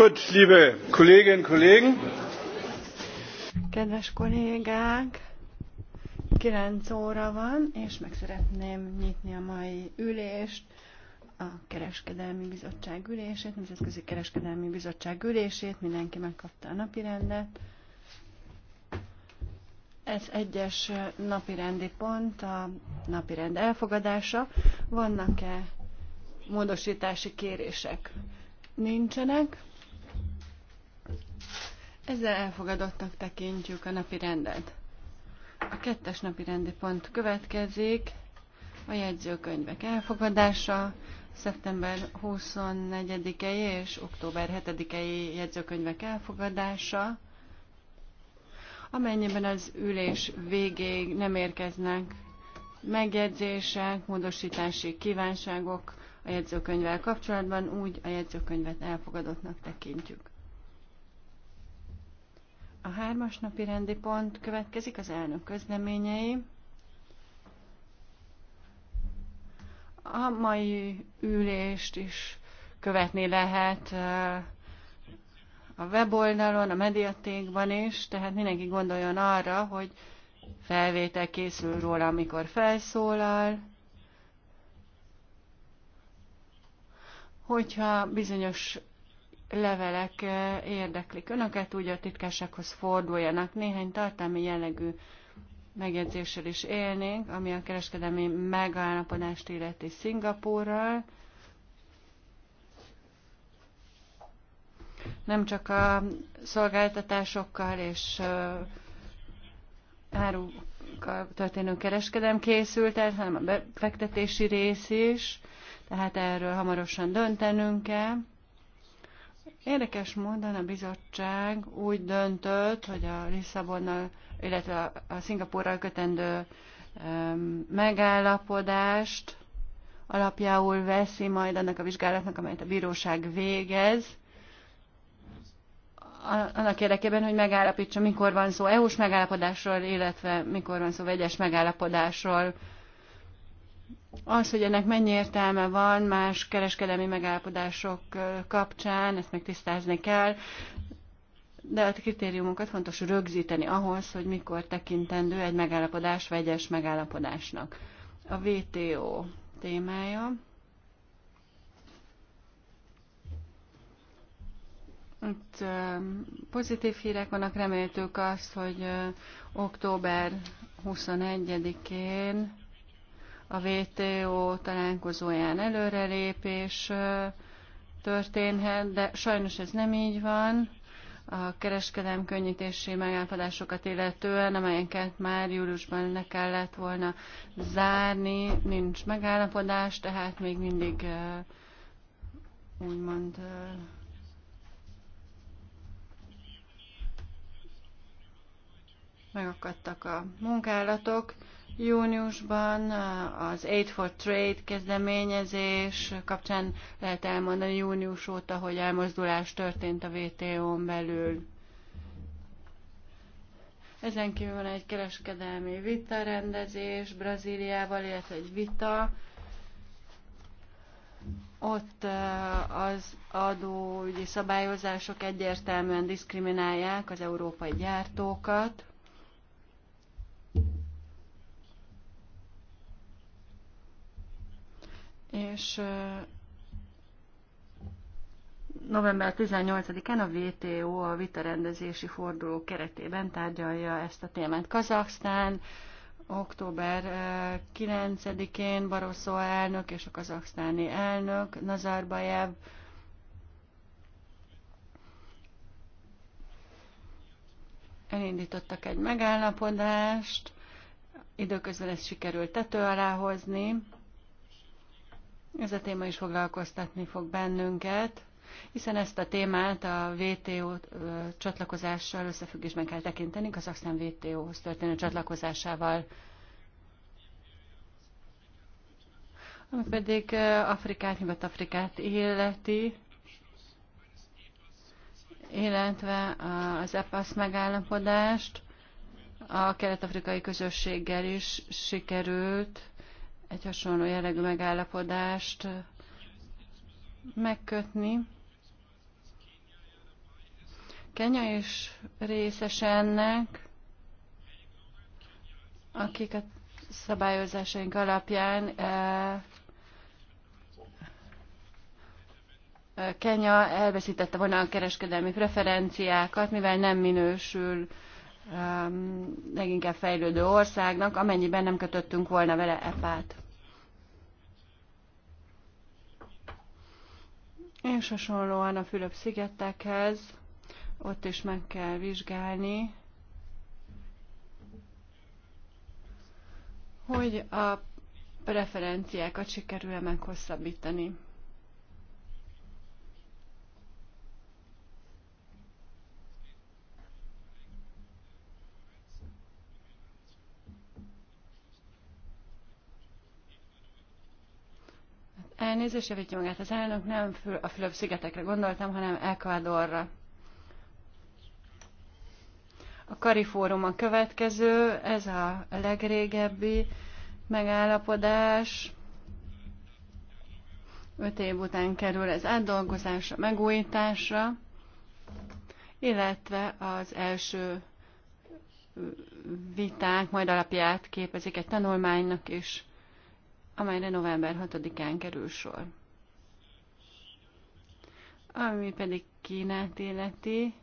Gut, liebe Kolleginnen Kollegen. Kedves kollégák, 9 óra van, és meg szeretném nyitni a mai ülést, a Kereskedelmi Bizottság ülését, Nemzetközi Kereskedelmi Bizottság ülését, mindenki megkapta a napirendet. Ez egyes napirendi pont, a napirend elfogadása. Vannak-e módosítási kérések? Nincsenek. Ezzel elfogadottak tekintjük a napi rendet. A kettes napi rendi pont következik, a jegyzőkönyvek elfogadása, szeptember 24-i és október 7-i jegyzőkönyvek elfogadása, amennyiben az ülés végéig nem érkeznek megjegyzések, módosítási kívánságok a jegyzőkönyvvel kapcsolatban, úgy a jegyzőkönyvet elfogadottnak tekintjük. A hármas napi rendi pont következik az elnök közleményei. A mai ülést is követni lehet eh, a weboldalon, a mediatékban is, tehát mindenki gondoljon arra, hogy felvétel készül róla, amikor felszólal, hogyha bizonyos levelek érdeklik önöket, úgy a titkársághoz forduljanak. Néhány tartalmi jellegű megjegyzéssel is élnénk, ami a kereskedelmi megállapodást illeti Szingapúrral. Nem csak a szolgáltatásokkal és árukkal történő kereskedelem készült el, hanem a befektetési rész is, tehát erről hamarosan döntenünk kell. Érdekes módon a bizottság úgy döntött, hogy a Lisszabonnal, illetve a Szingapurral kötendő megállapodást alapjául veszi majd annak a vizsgálatnak, amelyet a bíróság végez, annak érdekében, hogy megállapítsa, mikor van szó EU-s megállapodásról, illetve mikor van szó vegyes megállapodásról az, hogy ennek mennyi értelme van más kereskedelmi megállapodások kapcsán, ezt meg tisztázni kell, de a kritériumokat fontos rögzíteni ahhoz, hogy mikor tekintendő egy megállapodás vegyes megállapodásnak. A VTO témája. Itt pozitív hírek vannak, reméltük azt, hogy október 21-én a WTO találkozóján előrelépés történhet, de sajnos ez nem így van. A kereskedelem könnyítési megállapodásokat illetően, amelyeket már júliusban le kellett volna zárni, nincs megállapodás, tehát még mindig úgymond megakadtak a munkálatok. Júniusban eh, az Aid for Trade kezdeményezés kapcsán lehet elmondani június óta, hogy elmozdulás történt a WTO-n belül. Ezen kívül van egy kereskedelmi vita rendezés Brazíliával, illetve egy vita. Ott eh, az adóügyi szabályozások egyértelműen diszkriminálják az európai gyártókat. és november 18-án a VTO a vitarendezési forduló keretében tárgyalja ezt a témát. Kazaksztán október 9-én Barroso elnök és a kazaksztáni elnök Nazarbayev elindítottak egy megállapodást, időközben ezt sikerült tető alá hozni. Ez a téma is foglalkoztatni fog bennünket, hiszen ezt a témát a WTO csatlakozással összefüggésben kell tekinteni, az Axtán WTO-hoz történő csatlakozásával. Ami pedig Afrikát, Nyugat-Afrikát illeti, illetve az EPASZ megállapodást a kelet-afrikai közösséggel is sikerült egy hasonló jellegű megállapodást megkötni. Kenya is részes ennek, akik a szabályozásaink alapján eh, eh, Kenya elveszítette volna a kereskedelmi preferenciákat, mivel nem minősül leginkább fejlődő országnak, amennyiben nem kötöttünk volna vele epát. És hasonlóan a Fülöp-szigetekhez, ott is meg kell vizsgálni, hogy a preferenciákat sikerül-e meghosszabbítani. Elnézést javítja magát az elnök, nem a Fülöp-szigetekre gondoltam, hanem Ecuadorra. A Karifórum a következő, ez a legrégebbi megállapodás. Öt év után kerül ez átdolgozásra, megújításra, illetve az első viták majd alapját képezik egy tanulmánynak is amelyre november 6-án kerül sor. Ami pedig Kínát életi,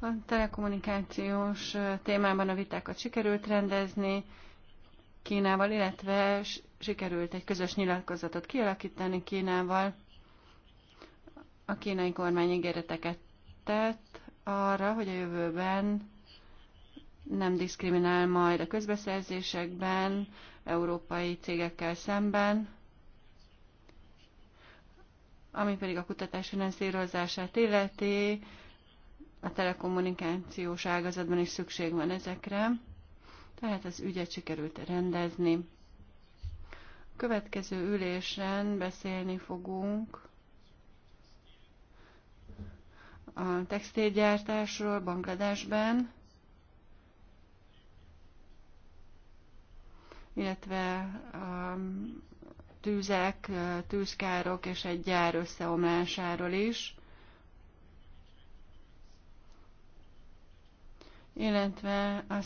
A telekommunikációs témában a vitákat sikerült rendezni Kínával, illetve sikerült egy közös nyilatkozatot kialakítani Kínával. A kínai kormány ígéreteket tett arra, hogy a jövőben nem diszkriminál majd a közbeszerzésekben, európai cégekkel szemben, ami pedig a kutatás finanszírozását illeti, a telekommunikációs ágazatban is szükség van ezekre, tehát az ügyet sikerült rendezni. A következő ülésen beszélni fogunk a textilgyártásról Bangladesben, illetve a um, tűzek, uh, tűzkárok és egy gyár összeomlásáról is, illetve a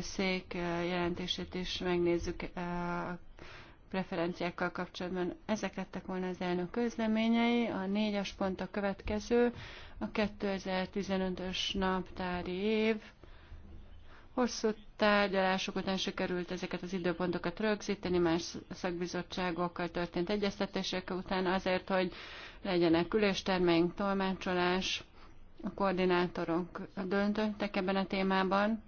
szék uh, jelentését is megnézzük a uh, preferenciákkal kapcsolatban. Ezek lettek volna az elnök közleményei. A négyes pont a következő, a 2015-ös naptári év. Hosszú tárgyalások után sikerült ezeket az időpontokat rögzíteni, más szakbizottságokkal történt egyeztetések után azért, hogy legyenek üléstermeink, tolmácsolás, a koordinátorok döntöttek ebben a témában.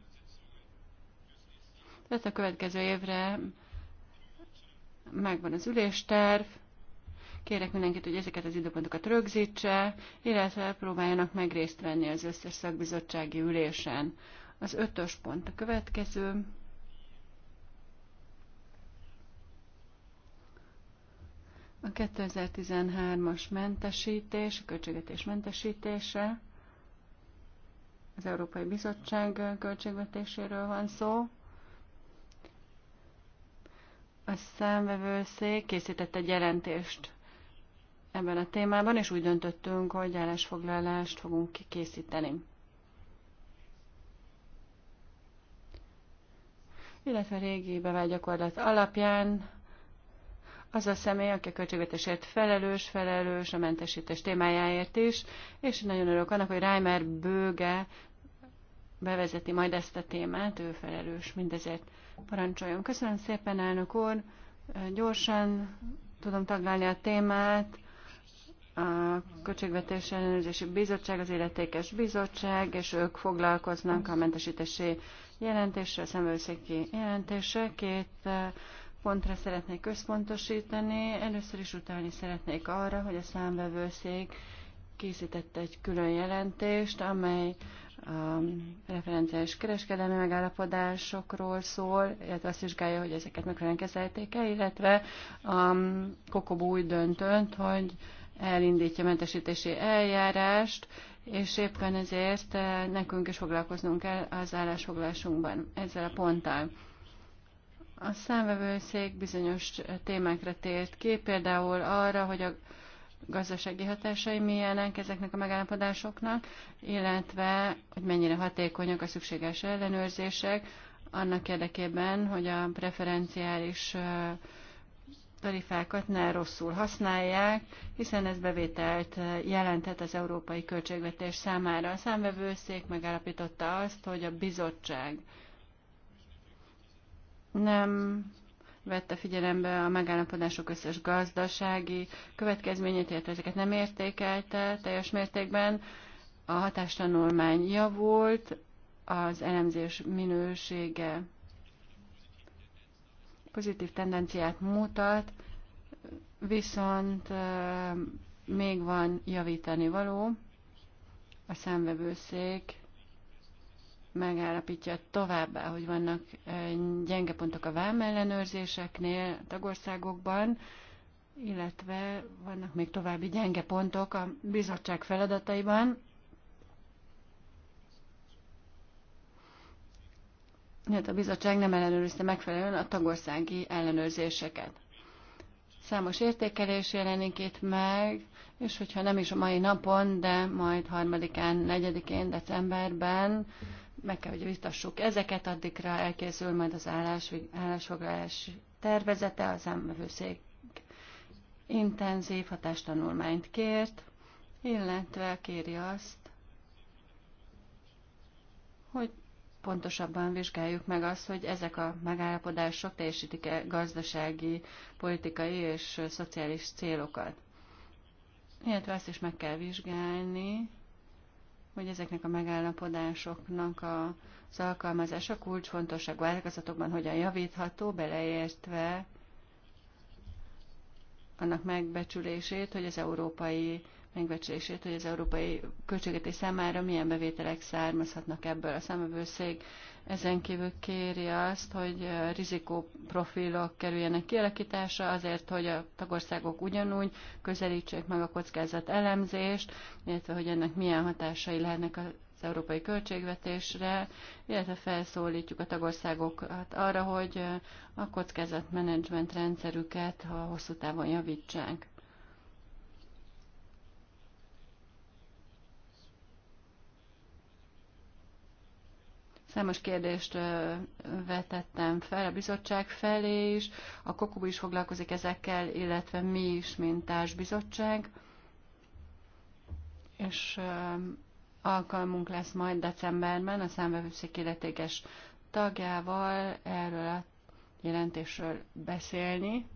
Tehát a következő évre megvan az ülésterv, kérek mindenkit, hogy ezeket az időpontokat rögzítse, illetve próbáljanak meg részt venni az összes szakbizottsági ülésen. Az ötös pont a következő. A 2013-as mentesítés, a költségvetés mentesítése, az Európai Bizottság költségvetéséről van szó. A számvevőszék készített egy jelentést ebben a témában, és úgy döntöttünk, hogy állásfoglalást fogunk készíteni. Illetve régi bevágyakorlat alapján az a személy, aki a költségvetésért felelős, felelős a mentesítés témájáért is, és nagyon örülök annak, hogy Reimer Bőge bevezeti majd ezt a témát, ő felelős mindezért. Parancsoljon. Köszönöm szépen, elnök úr. Gyorsan tudom taglalni a témát. A Költségvetési Ellenőrzési Bizottság, az Illetékes Bizottság, és ők foglalkoznak a mentesítési jelentéssel, szemvőszéki jelentéssel. Két eh, pontra szeretnék központosítani. Először is utalni szeretnék arra, hogy a számvevőszék készítette egy külön jelentést, amely a referenciális kereskedelmi megállapodásokról szól, illetve azt vizsgálja, hogy ezeket megfelelően kezelték el, illetve a Kokobú úgy döntött, hogy elindítja mentesítési eljárást, és éppen ezért eh, nekünk is foglalkoznunk kell az állásfoglalásunkban ezzel a ponttal. A számvevőszék bizonyos témákra tért ki, például arra, hogy a gazdasági hatásai milyenek ezeknek a megállapodásoknak, illetve hogy mennyire hatékonyak a szükséges ellenőrzések annak érdekében, hogy a preferenciális tarifákat ne rosszul használják, hiszen ez bevételt jelenthet az európai költségvetés számára. A számvevőszék megállapította azt, hogy a bizottság nem vette figyelembe a megállapodások összes gazdasági következményét, illetve ezeket nem értékelte teljes mértékben. A hatástanulmány javult, az elemzés minősége pozitív tendenciát mutat, viszont még van javítani való a számvevőszék megállapítja továbbá, hogy vannak gyenge pontok a vámellenőrzéseknél tagországokban, illetve vannak még további gyenge pontok a bizottság feladataiban. Mert hát a bizottság nem ellenőrizte megfelelően a tagországi ellenőrzéseket. Számos értékelés jelenik itt meg, és hogyha nem is a mai napon, de majd harmadikán, negyedikén, decemberben meg kell, hogy vitassuk ezeket, addigra elkészül majd az állás, állásfoglalás tervezete, az ámbevőszék intenzív hatástanulmányt kért, illetve kéri azt, hogy pontosabban vizsgáljuk meg azt, hogy ezek a megállapodások teljesítik-e gazdasági, politikai és szociális célokat. Illetve azt is meg kell vizsgálni, hogy ezeknek a megállapodásoknak a, az alkalmazása kulcsfontosságú ágazatokban hogyan javítható, beleértve annak megbecsülését, hogy az európai megbecsülését, hogy az európai költségvetés számára milyen bevételek származhatnak ebből. A számövőszék ezen kívül kéri azt, hogy rizikóprofilok kerüljenek kialakításra, azért, hogy a tagországok ugyanúgy közelítsék meg a kockázat elemzést, illetve hogy ennek milyen hatásai lehetnek a az európai költségvetésre, illetve felszólítjuk a tagországokat arra, hogy a kockázatmenedzsment rendszerüket a hosszú távon javítsák. Számos kérdést vetettem fel a bizottság felé is, a Kokubu is foglalkozik ezekkel, illetve mi is, mint társbizottság. És alkalmunk lesz majd decemberben a számvevőszék illetékes tagjával erről a jelentésről beszélni,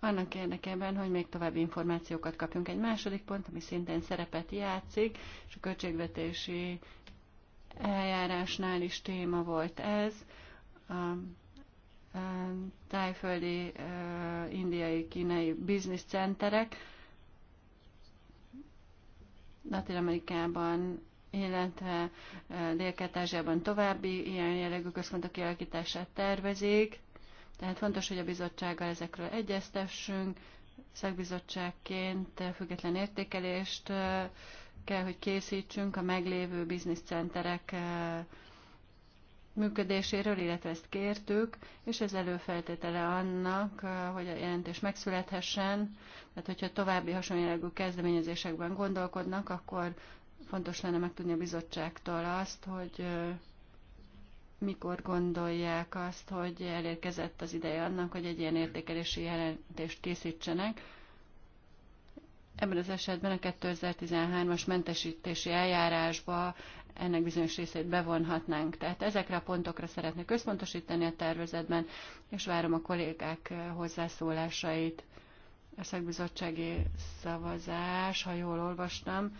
annak érdekében, hogy még további információkat kapjunk. Egy második pont, ami szintén szerepet játszik, és a költségvetési eljárásnál is téma volt ez. A tájföldi indiai kínai bizniszcenterek Latin-Amerikában, illetve Dél-Kelet-Ázsiában további ilyen jellegű központok kialakítását tervezik. Tehát fontos, hogy a bizottsággal ezekről egyeztessünk, szakbizottságként független értékelést kell, hogy készítsünk a meglévő bizniszcenterek eh, működéséről, illetve ezt kértük, és ez előfeltétele annak, eh, hogy a jelentés megszülethessen, tehát hogyha további hasonló kezdeményezésekben gondolkodnak, akkor fontos lenne megtudni a bizottságtól azt, hogy eh, mikor gondolják azt, hogy elérkezett az ideje annak, hogy egy ilyen értékelési jelentést készítsenek, Ebben az esetben a 2013-as mentesítési eljárásba ennek bizonyos részét bevonhatnánk. Tehát ezekre a pontokra szeretnék összpontosítani a tervezetben, és várom a kollégák hozzászólásait. A szakbizottsági szavazás, ha jól olvastam,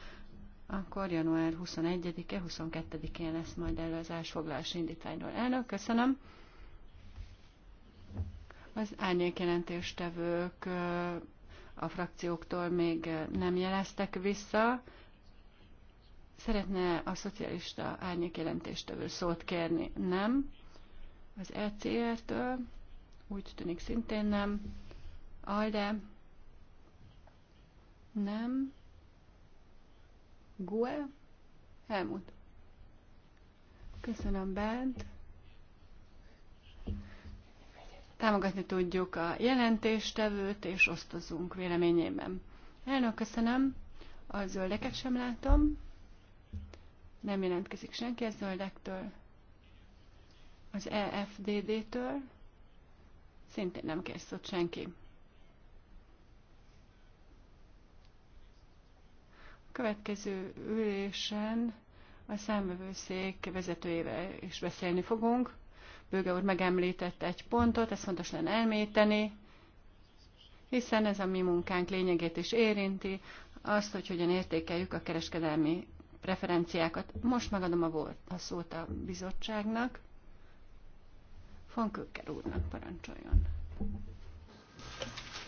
akkor január 21-e, 22-én lesz majd elő az állásfoglalás indítványról. Elnök, köszönöm. Az jelentéstevők a frakcióktól még eh, nem jeleztek vissza. Szeretne a szocialista árnyék jelentéstevő szót kérni? Nem. Az ECR-től úgy tűnik szintén nem. Alde? Nem. Gue? Helmut. Köszönöm, Bent támogatni tudjuk a jelentéstevőt, és osztozunk véleményében. Elnök, köszönöm. A zöldeket sem látom. Nem jelentkezik senki a zöldektől. Az EFDD-től szintén nem kér ott senki. A következő ülésen a számvevőszék vezetőjével is beszélni fogunk. Bőge úr megemlített egy pontot, ezt fontos lenne elméteni, hiszen ez a mi munkánk lényegét is érinti, azt, hogy hogyan értékeljük a kereskedelmi preferenciákat. Most megadom a, volt, a szót a bizottságnak. Von Kökker úrnak parancsoljon.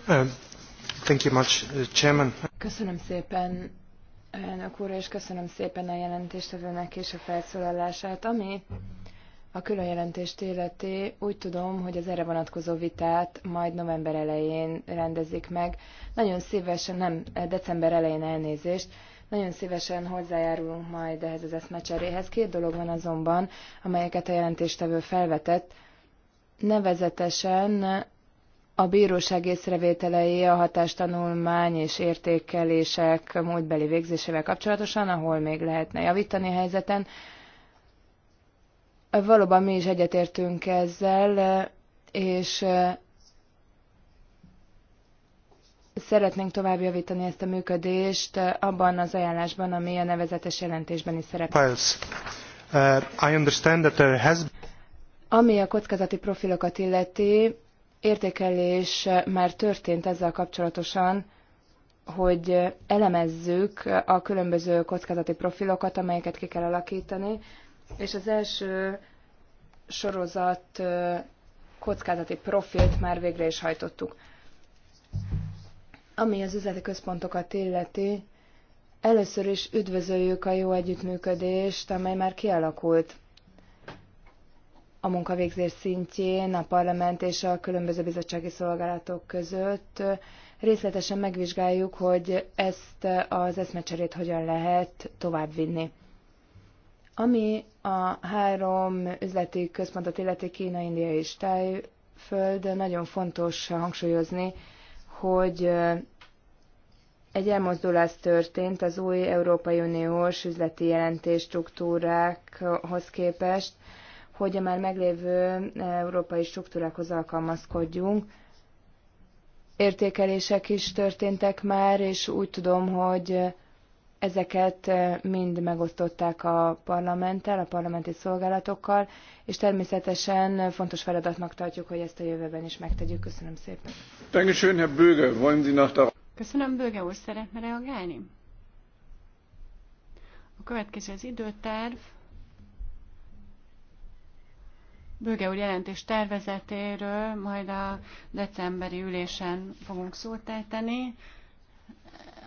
Uh, thank you much, uh, Chairman. Köszönöm szépen, elnök úr, és köszönöm szépen a jelentéstevőnek és a felszólalását. Ami a jelentést illeti, úgy tudom, hogy az erre vonatkozó vitát majd november elején rendezik meg. Nagyon szívesen, nem, december elején elnézést, nagyon szívesen hozzájárulunk majd ehhez az eszmecseréhez. Két dolog van azonban, amelyeket a jelentéstevő felvetett, nevezetesen a bíróság észrevételei a hatástanulmány és értékelések múltbeli végzésével kapcsolatosan, ahol még lehetne javítani a helyzeten, Valóban mi is egyetértünk ezzel, és szeretnénk tovább javítani ezt a működést abban az ajánlásban, ami a nevezetes jelentésben is szerepel. Uh, Ami a kockázati profilokat illeti, értékelés már történt ezzel kapcsolatosan, hogy elemezzük a különböző kockázati profilokat, amelyeket ki kell alakítani, és az első sorozat kockázati profilt már végre is hajtottuk. Ami az üzleti központokat illeti, először is üdvözöljük a jó együttműködést, amely már kialakult a munkavégzés szintjén, a parlament és a különböző bizottsági szolgálatok között. Részletesen megvizsgáljuk, hogy ezt az eszmecserét hogyan lehet továbbvinni. Ami a három üzleti központot illeti Kína, India és Tájföld, nagyon fontos hangsúlyozni, hogy egy elmozdulás történt az új Európai Uniós üzleti jelentés struktúrákhoz képest, hogy a már meglévő európai struktúrákhoz alkalmazkodjunk. Értékelések is történtek már, és úgy tudom, hogy Ezeket mind megosztották a parlamenttel, a parlamenti szolgálatokkal, és természetesen fontos feladatnak tartjuk, hogy ezt a jövőben is megtegyük. Köszönöm szépen. Herr nach Köszönöm, Bőge úr, szeretne reagálni? A következő az időterv. Bőge úr jelentés tervezetéről majd a decemberi ülésen fogunk szót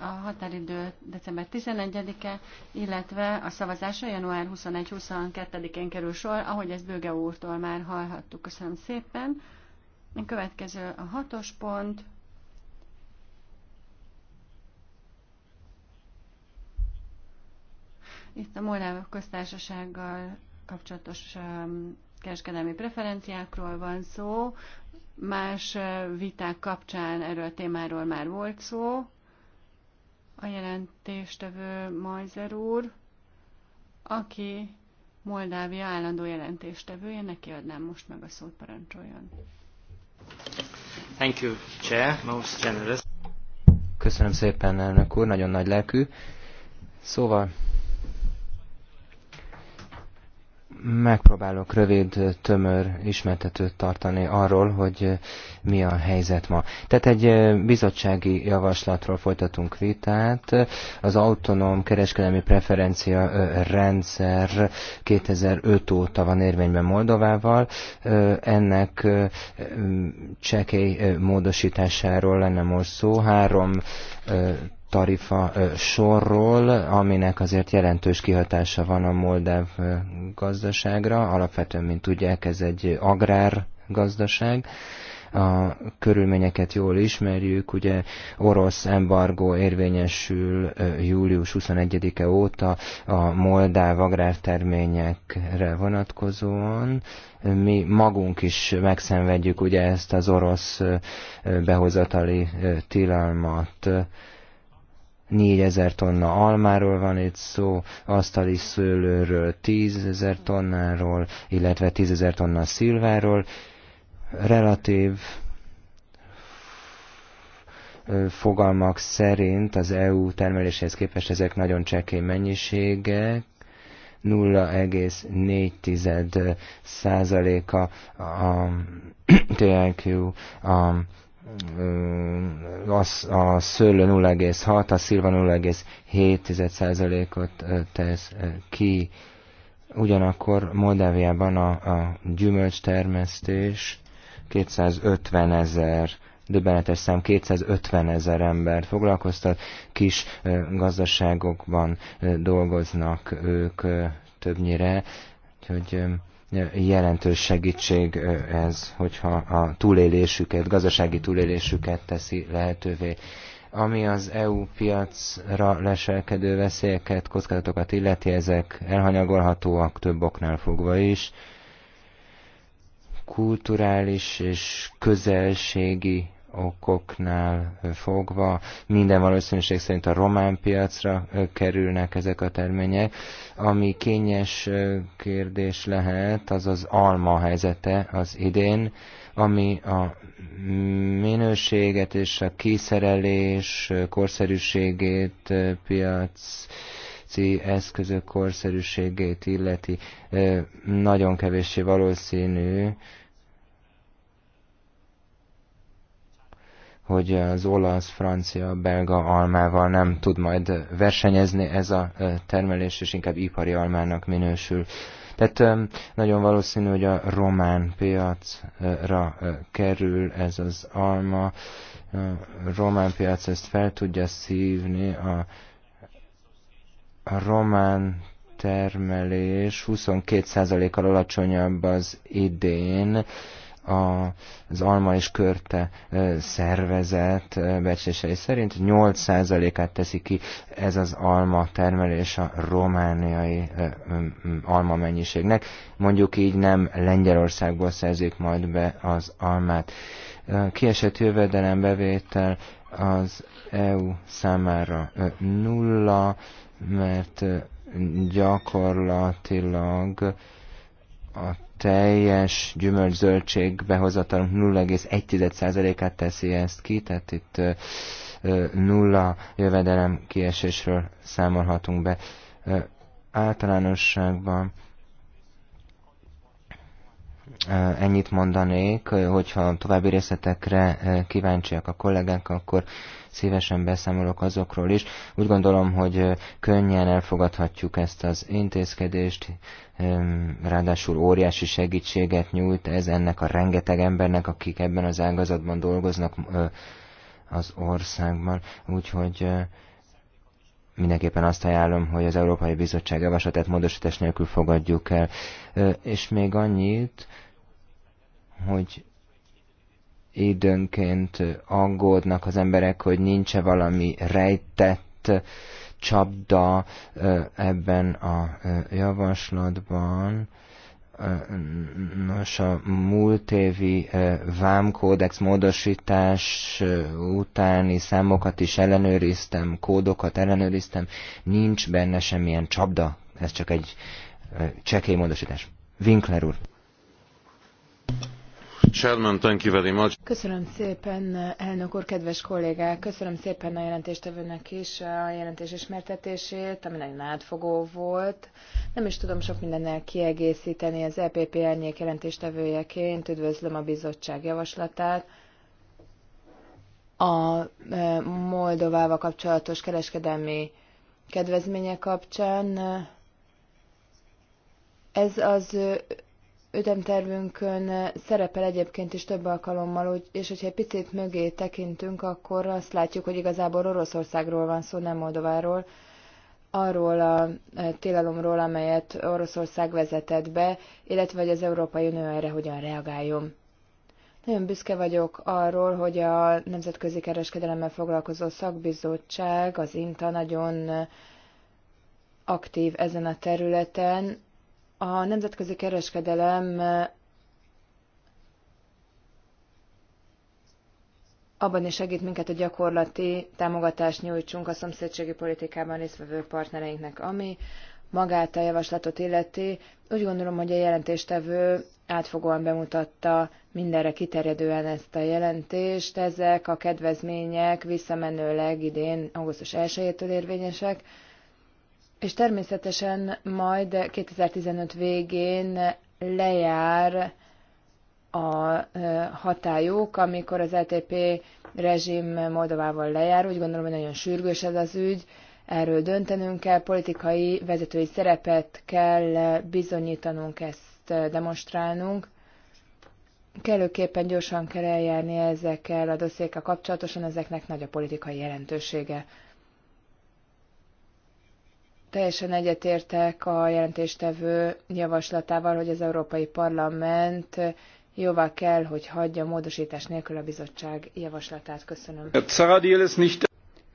a határidő december 11-e, illetve a szavazása január 21-22-én kerül sor, ahogy ezt Bőge úrtól már hallhattuk. Köszönöm szépen. A következő a hatos pont. Itt a Moldáv köztársasággal kapcsolatos um, kereskedelmi preferenciákról van szó. Más uh, viták kapcsán erről a témáról már volt szó a jelentéstevő Majzer úr, aki Moldávia állandó jelentéstevője, neki adnám most meg a szót, parancsoljon. Thank you, Chair, most generous. Köszönöm szépen, elnök úr, nagyon nagy lelkű. Szóval Megpróbálok rövid, tömör ismertetőt tartani arról, hogy mi a helyzet ma. Tehát egy bizottsági javaslatról folytatunk vitát. Az autonóm kereskedelmi preferencia rendszer 2005 óta van érvényben Moldovával. Ennek csekély módosításáról lenne most szó. Három tarifa sorról, aminek azért jelentős kihatása van a moldáv gazdaságra. Alapvetően, mint tudják, ez egy agrár gazdaság. A körülményeket jól ismerjük, ugye orosz embargó érvényesül július 21-e óta a moldáv agrárterményekre vonatkozóan. Mi magunk is megszenvedjük ugye ezt az orosz behozatali tilalmat 4000 tonna almáról van itt szó, asztali szőlőről 10.000 tonnáról, illetve 10.000 tonna szilváról. Relatív fogalmak szerint az EU termeléshez képest ezek nagyon csekély mennyiségek, 0,4 százaléka a a a a, a szőlő 0,6, a szilva 0,7%-ot tesz ki. Ugyanakkor Moldáviában a, a gyümölcstermesztés 250 ezer döbbenetes szám 250 ezer embert foglalkoztat, kis gazdaságokban dolgoznak ők többnyire, úgyhogy jelentős segítség ez, hogyha a túlélésüket, gazdasági túlélésüket teszi lehetővé. Ami az EU piacra leselkedő veszélyeket, kockázatokat illeti, ezek elhanyagolhatóak több oknál fogva is. Kulturális és közelségi okoknál fogva minden valószínűség szerint a román piacra kerülnek ezek a termények. Ami kényes kérdés lehet, az az alma helyzete az idén, ami a minőséget és a kiszerelés korszerűségét piac eszközök korszerűségét illeti nagyon kevéssé valószínű, hogy az olasz, francia, belga almával nem tud majd versenyezni ez a termelés, és inkább ipari almának minősül. Tehát nagyon valószínű, hogy a román piacra kerül ez az alma. A román piac ezt fel tudja szívni. A, a román termelés 22%-kal alacsonyabb az idén, az alma és körte szervezet becslései szerint 8%-át teszi ki ez az alma termelés a romániai alma mennyiségnek. Mondjuk így nem Lengyelországból szerzik majd be az almát. Kiesett jövedelembevétel az EU számára nulla, mert gyakorlatilag a teljes gyümölcszöldség behozatalunk 0,1%-át teszi ezt ki, tehát itt nulla jövedelem kiesésről számolhatunk be. Általánosságban ennyit mondanék, hogyha további részletekre kíváncsiak a kollégák, akkor szívesen beszámolok azokról is. Úgy gondolom, hogy könnyen elfogadhatjuk ezt az intézkedést, ráadásul óriási segítséget nyújt ez ennek a rengeteg embernek, akik ebben az ágazatban dolgoznak az országban. Úgyhogy mindenképpen azt ajánlom, hogy az Európai Bizottság javaslatát módosítás nélkül fogadjuk el. És még annyit, hogy időnként aggódnak az emberek, hogy nincs-e valami rejtett csapda ebben a javaslatban. Nos, a múlt évi vámkódex módosítás utáni számokat is ellenőriztem, kódokat ellenőriztem, nincs benne semmilyen csapda, ez csak egy csekély módosítás. Winkler úr. Köszönöm szépen, elnök úr, kedves kollégák, köszönöm szépen a jelentéstevőnek is a jelentés ismertetését, ami nagyon átfogó volt. Nem is tudom sok mindennel kiegészteni az EPP árnyék jelentéstevőjeként, üdvözlöm a bizottság javaslatát a e, Moldovával kapcsolatos kereskedelmi kedvezmények kapcsán. E, ez az ütemtervünkön szerepel egyébként is több alkalommal, és hogyha egy picit mögé tekintünk, akkor azt látjuk, hogy igazából Oroszországról van szó, nem Moldováról, arról a e, télalomról, amelyet Oroszország vezetett be, illetve hogy az Európai Unió erre hogyan reagáljon. Nagyon büszke vagyok arról, hogy a Nemzetközi Kereskedelemmel foglalkozó szakbizottság, az INTA nagyon aktív ezen a területen, a nemzetközi kereskedelem eh, abban is segít minket, hogy gyakorlati támogatást nyújtsunk a szomszédségi politikában résztvevő partnereinknek, ami magát a javaslatot illeti. Úgy gondolom, hogy a jelentéstevő átfogóan bemutatta mindenre kiterjedően ezt a jelentést. Ezek a kedvezmények visszamenőleg idén augusztus 1-től érvényesek, és természetesen majd 2015 végén lejár a hatályuk, amikor az LTP rezsim Moldovával lejár. Úgy gondolom, hogy nagyon sürgős ez az ügy, erről döntenünk kell, politikai vezetői szerepet kell bizonyítanunk, ezt demonstrálnunk. Kellőképpen gyorsan kell eljárni ezekkel a dossziékkal kapcsolatosan, ezeknek nagy a politikai jelentősége. Teljesen egyetértek a jelentéstevő javaslatával, hogy az Európai Parlament jóvá kell, hogy hagyja módosítás nélkül a bizottság javaslatát. Köszönöm.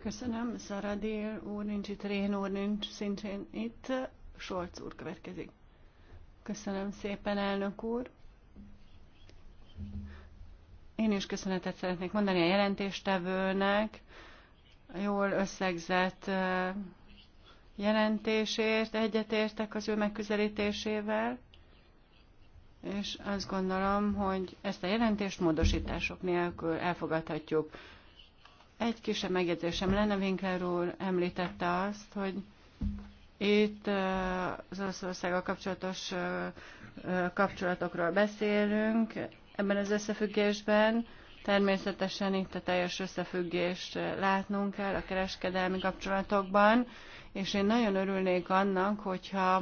Köszönöm. Szaradél úr nincs itt, Rén úr nincs szintén itt. Solc úr következik. Köszönöm szépen, elnök úr. Én is köszönetet szeretnék mondani a jelentéstevőnek. Jól összegzett jelentésért, egyetértek az ő megközelítésével, és azt gondolom, hogy ezt a jelentést módosítások nélkül elfogadhatjuk. Egy kisebb megjegyzésem lenne, Winkler úr említette azt, hogy itt az Oroszországgal kapcsolatos kapcsolatokról beszélünk ebben az összefüggésben, Természetesen itt a teljes összefüggést eh, látnunk kell a kereskedelmi kapcsolatokban, és én nagyon örülnék annak, hogyha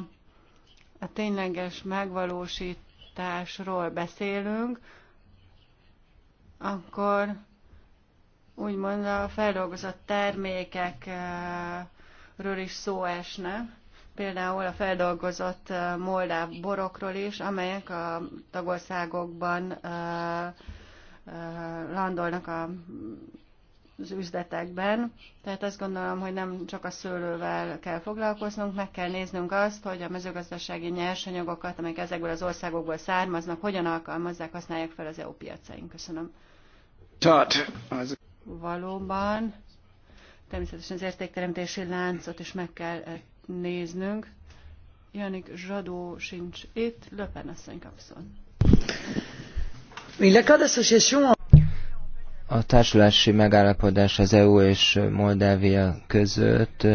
a tényleges megvalósításról beszélünk, akkor úgymond a feldolgozott termékekről is szó esne, például a feldolgozott eh, moldáv borokról is, amelyek a tagországokban eh, landolnak a, az üzletekben. Tehát azt gondolom, hogy nem csak a szőlővel kell foglalkoznunk, meg kell néznünk azt, hogy a mezőgazdasági nyersanyagokat, amelyek ezekből az országokból származnak, hogyan alkalmazzák, használják fel az EU piacaink. Köszönöm. Tart. Valóban. Természetesen az értékteremtési láncot is meg kell eh, néznünk. Janik Zsadó sincs itt, Löpen asszony kapszon. A társulási megállapodás az EU és Moldávia között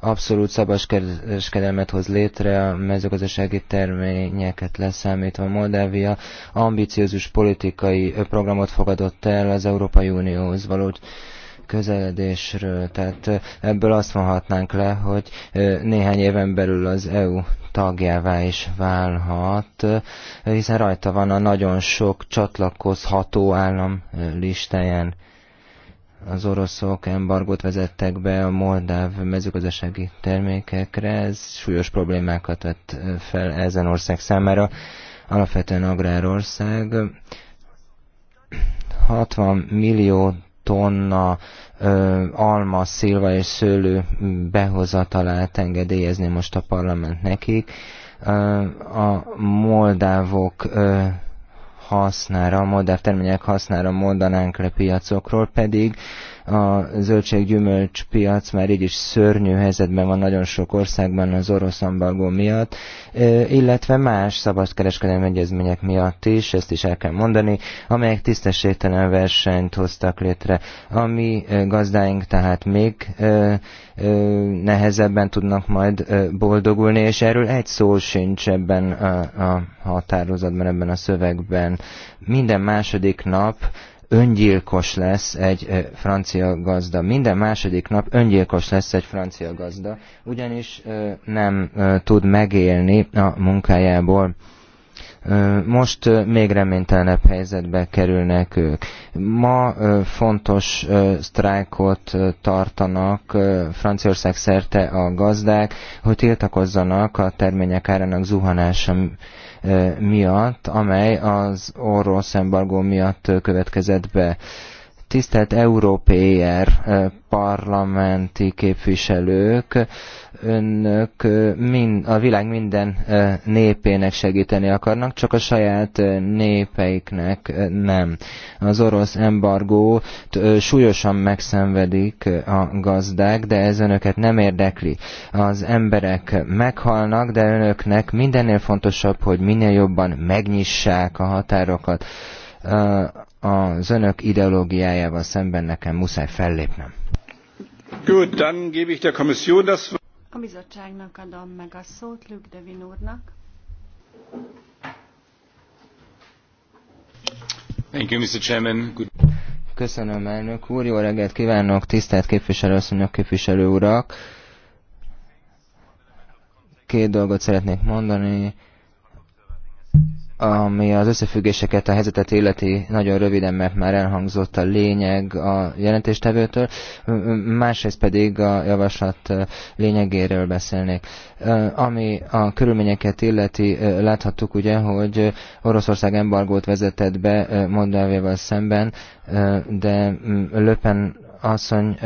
abszolút szabadkereskedelmet hoz létre, a mezőgazdasági terményeket leszámítva. Moldávia ambiciózus politikai programot fogadott el az Európai Unióhoz való közeledésről. Tehát ebből azt mondhatnánk le, hogy néhány éven belül az EU tagjává is válhat, hiszen rajta van a nagyon sok csatlakozható állam listáján. Az oroszok embargót vezettek be a moldáv mezőgazdasági termékekre, ez súlyos problémákat vett fel ezen ország számára, alapvetően agrárország. 60 millió tonna ö, alma, szilva és szőlő behozatalát engedélyezni most a parlament nekik. Ö, a moldávok ö, hasznára, a moldáv termények hasznára mondanánk le piacokról, pedig a zöldséggyümölcs piac már így is szörnyű helyzetben van nagyon sok országban az orosz embargó miatt, illetve más szabadkereskedelmi egyezmények miatt is, ezt is el kell mondani, amelyek tisztességtelen versenyt hoztak létre. ami gazdáink tehát még nehezebben tudnak majd boldogulni, és erről egy szó sincs ebben a, a határozatban, ebben a szövegben. Minden második nap öngyilkos lesz egy francia gazda. Minden második nap öngyilkos lesz egy francia gazda, ugyanis nem tud megélni a munkájából. Most még reménytelenebb helyzetbe kerülnek ők. Ma fontos sztrájkot tartanak Franciaország szerte a gazdák, hogy tiltakozzanak a termények árának zuhanása miatt, amely az orosz embargó miatt következett be. Tisztelt Európér eh, parlamenti képviselők, önök eh, mind, a világ minden eh, népének segíteni akarnak, csak a saját népeiknek nem. Az orosz embargó súlyosan megszenvedik a gazdák, de ez önöket nem érdekli. Az emberek meghalnak, de önöknek mindennél fontosabb, hogy minél jobban megnyissák a határokat az önök ideológiájával szemben nekem muszáj fellépnem. Gut, dann gebe ich der Kommission das a bizottságnak adom meg a szót Lük Devin úrnak. Thank you, Mr. Chairman. Good. Köszönöm, elnök úr. Jó reggelt kívánok, tisztelt képviselőasszonyok, képviselő urak. Két dolgot szeretnék mondani. Ami az összefüggéseket, a helyzetet illeti, nagyon röviden, mert már elhangzott a lényeg a jelentéstevőtől, másrészt pedig a javaslat lényegéről beszélnék. Ami a körülményeket illeti, láthattuk ugye, hogy Oroszország embargót vezetett be Moldávéval szemben, de Löpen asszony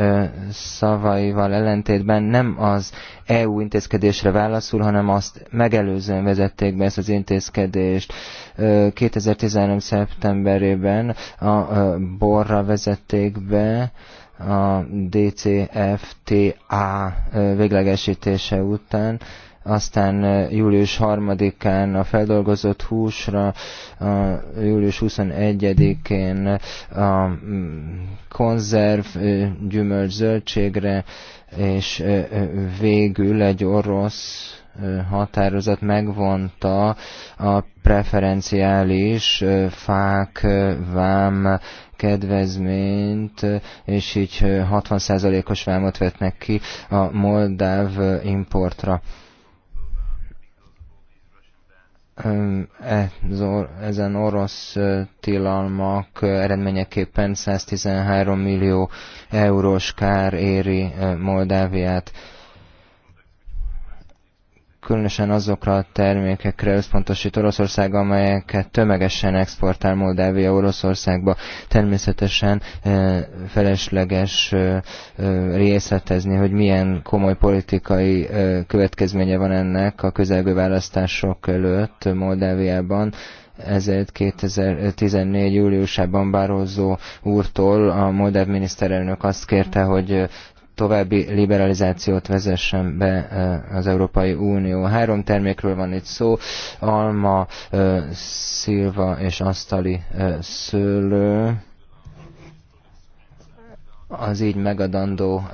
szavaival ellentétben nem az EU intézkedésre válaszul, hanem azt megelőzően vezették be ezt az intézkedést. 2013. szeptemberében a borra vezették be a DCFTA véglegesítése után, aztán július 3-án a feldolgozott húsra, július 21-én a mm, konzerv, gyümölcs, zöldségre, és végül egy orosz határozat megvonta a preferenciális fák, vám kedvezményt, és így 60%-os vámot vetnek ki a moldáv importra. E ezen orosz tilalmak eredményeképpen 113 millió eurós kár éri Moldáviát különösen azokra a termékekre összpontosít Oroszország, amelyeket tömegesen exportál Moldávia Oroszországba. Természetesen e, felesleges e, e, részletezni, hogy milyen komoly politikai következménye van ennek a közelgő választások előtt Moldáviában ezért 2014. júliusában Bározó úrtól a moldáv miniszterelnök azt kérte, hogy további liberalizációt vezessen be az Európai Unió. Három termékről van itt szó, alma, szilva és asztali szőlő az így megadandó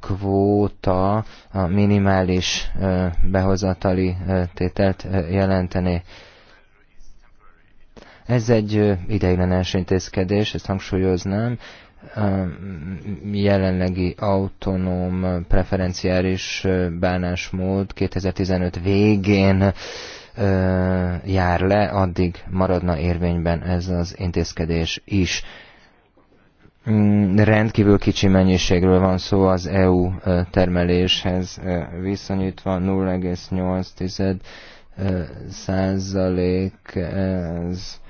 kvóta a minimális behozatali tételt jelenteni. Ez egy ideiglenes intézkedés, ezt hangsúlyoznám, Um, jelenlegi autonóm preferenciális bánásmód 2015 végén jár le, addig maradna érvényben ez az intézkedés is. Mm, rendkívül kicsi mennyiségről van szó az EU termeléshez viszonyítva 0,8 százalék ez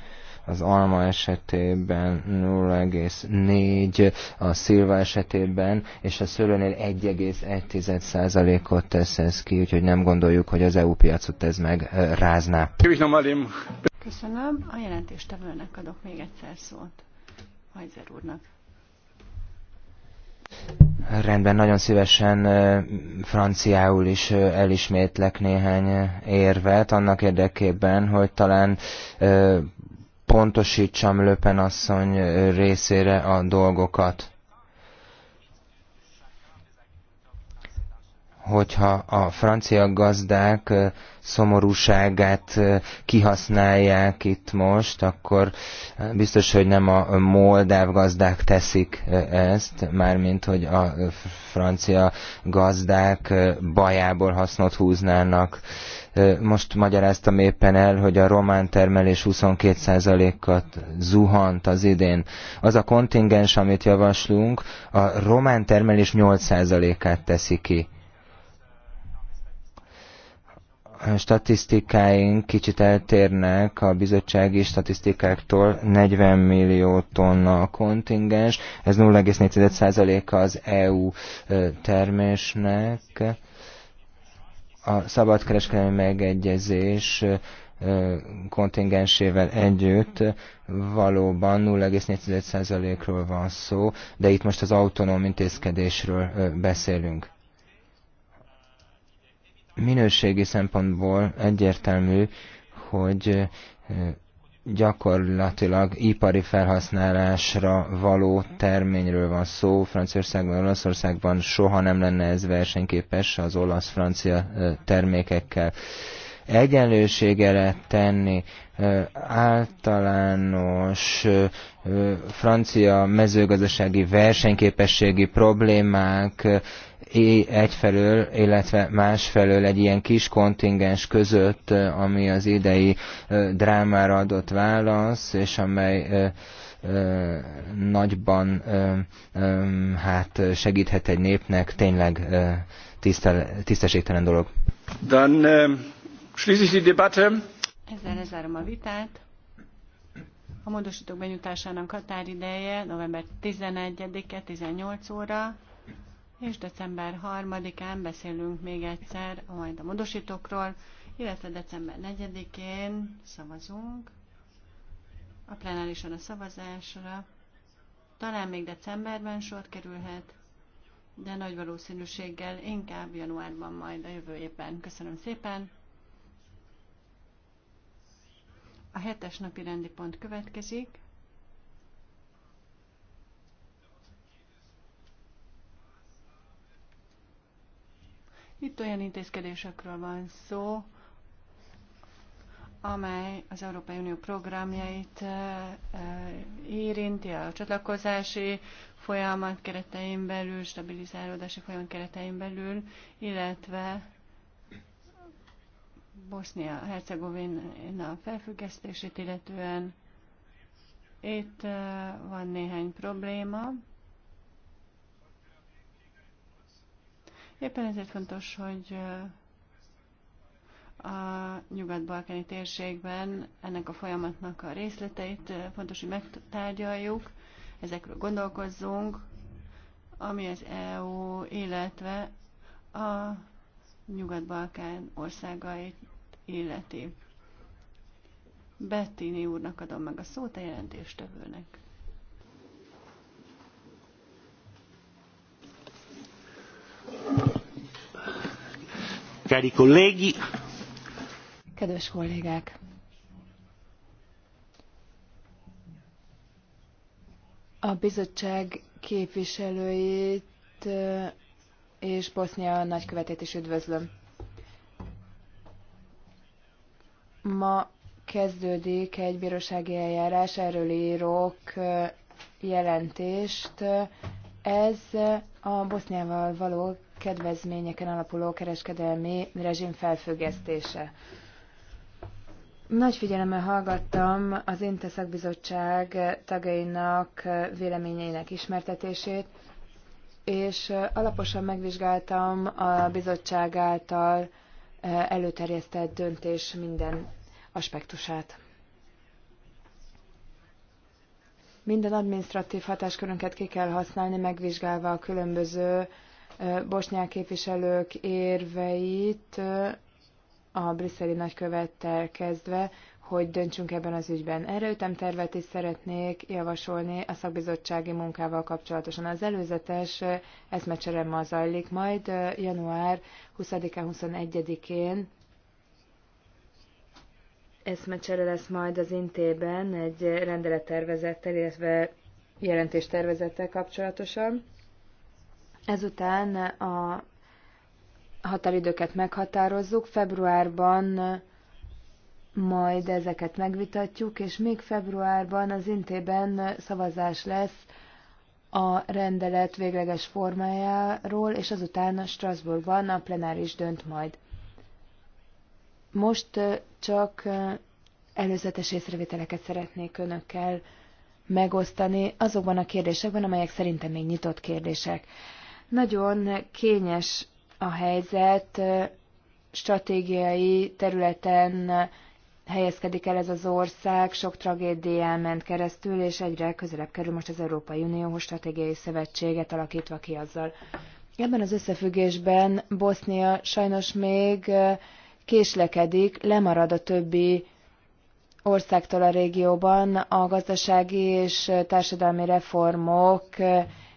az alma esetében 0,4, a szilva esetében, és a szőlőnél 1,1%-ot tesz ez ki, úgyhogy nem gondoljuk, hogy az EU piacot ez meg rázná. Köszönöm. A jelentéstevőnek adok még egyszer szót. Hajzer úrnak. Rendben, nagyon szívesen franciául is elismétlek néhány érvet annak érdekében, hogy talán pontosítsam Löpen asszony részére a dolgokat. hogyha a francia gazdák szomorúságát kihasználják itt most, akkor biztos, hogy nem a moldáv gazdák teszik ezt, mármint, hogy a francia gazdák bajából hasznot húznának most magyaráztam éppen el, hogy a román termelés 22%-at zuhant az idén. Az a kontingens, amit javaslunk, a román termelés 8%-át teszi ki. A statisztikáink kicsit eltérnek a bizottsági statisztikáktól, 40 millió tonna a kontingens, ez 0,4%-a az EU termésnek a szabadkereskedelmi megegyezés kontingensével együtt valóban 0,4%-ról van szó, de itt most az autonóm intézkedésről beszélünk. Minőségi szempontból egyértelmű, hogy gyakorlatilag ipari felhasználásra való terményről van szó. Franciaországban, Olaszországban soha nem lenne ez versenyképes az olasz-francia termékekkel. Egyenlősége lehet tenni általános francia mezőgazdasági versenyképességi problémák egyfelől, illetve másfelől egy ilyen kis kontingens között, ami az idei drámára adott válasz, és amely nagyban hát segíthet egy népnek, tényleg tisztességtelen dolog. Dann schließe die Debatte. Ezzel lezárom a vitát. A módosítók benyújtásának határideje november 11-e 18 óra és december 3-án beszélünk még egyszer majd a módosítókról, illetve december 4-én szavazunk a plenárison a szavazásra. Talán még decemberben sor kerülhet, de nagy valószínűséggel inkább januárban majd a jövő évben. Köszönöm szépen! A hetes napi rendi pont következik. olyan intézkedésekről van szó, amely az Európai Unió programjait eh, eh, érinti, a csatlakozási folyamat keretein belül, stabilizálódási folyamat keretein belül, illetve Bosznia-Hercegovina felfüggesztését illetően. Itt eh, van néhány probléma, Éppen ezért fontos, hogy a nyugat-balkáni térségben ennek a folyamatnak a részleteit fontos, hogy megtárgyaljuk, ezekről gondolkozzunk, ami az EU, illetve a nyugat-balkán országait illeti. Bettini úrnak adom meg a szót a jelentéstevőnek. Cari colleghi. Kedves kollégák! A bizottság képviselőjét és Bosznia nagykövetét is üdvözlöm. Ma kezdődik egy bírósági eljárás, erről írok jelentést. Ez a Boszniával való kedvezményeken alapuló kereskedelmi rezsim felfüggesztése. Nagy figyelemmel hallgattam az INTE szakbizottság tagjainak véleményeinek ismertetését, és alaposan megvizsgáltam a bizottság által előterjesztett döntés minden aspektusát. Minden administratív hatáskörünket ki kell használni, megvizsgálva a különböző bosnyák képviselők érveit a brüsszeli nagykövettel kezdve, hogy döntsünk ebben az ügyben. Erre ütemtervet is szeretnék javasolni a szakbizottsági munkával kapcsolatosan. Az előzetes eszmecsere ma zajlik, majd január 20-21-én eszmecsere lesz majd az intében egy rendelettervezettel, illetve jelentéstervezettel kapcsolatosan. Ezután a határidőket meghatározzuk, februárban majd ezeket megvitatjuk, és még februárban az intében szavazás lesz a rendelet végleges formájáról, és azután a Strasbourgban a plenáris dönt majd. Most csak előzetes észrevételeket szeretnék önökkel megosztani azokban a kérdésekben, amelyek szerintem még nyitott kérdések. Nagyon kényes a helyzet, stratégiai területen helyezkedik el ez az ország, sok tragédián ment keresztül, és egyre közelebb kerül most az Európai Unióhoz stratégiai szövetséget alakítva ki azzal. Ebben az összefüggésben Bosznia sajnos még késlekedik, lemarad a többi országtól a régióban a gazdasági és társadalmi reformok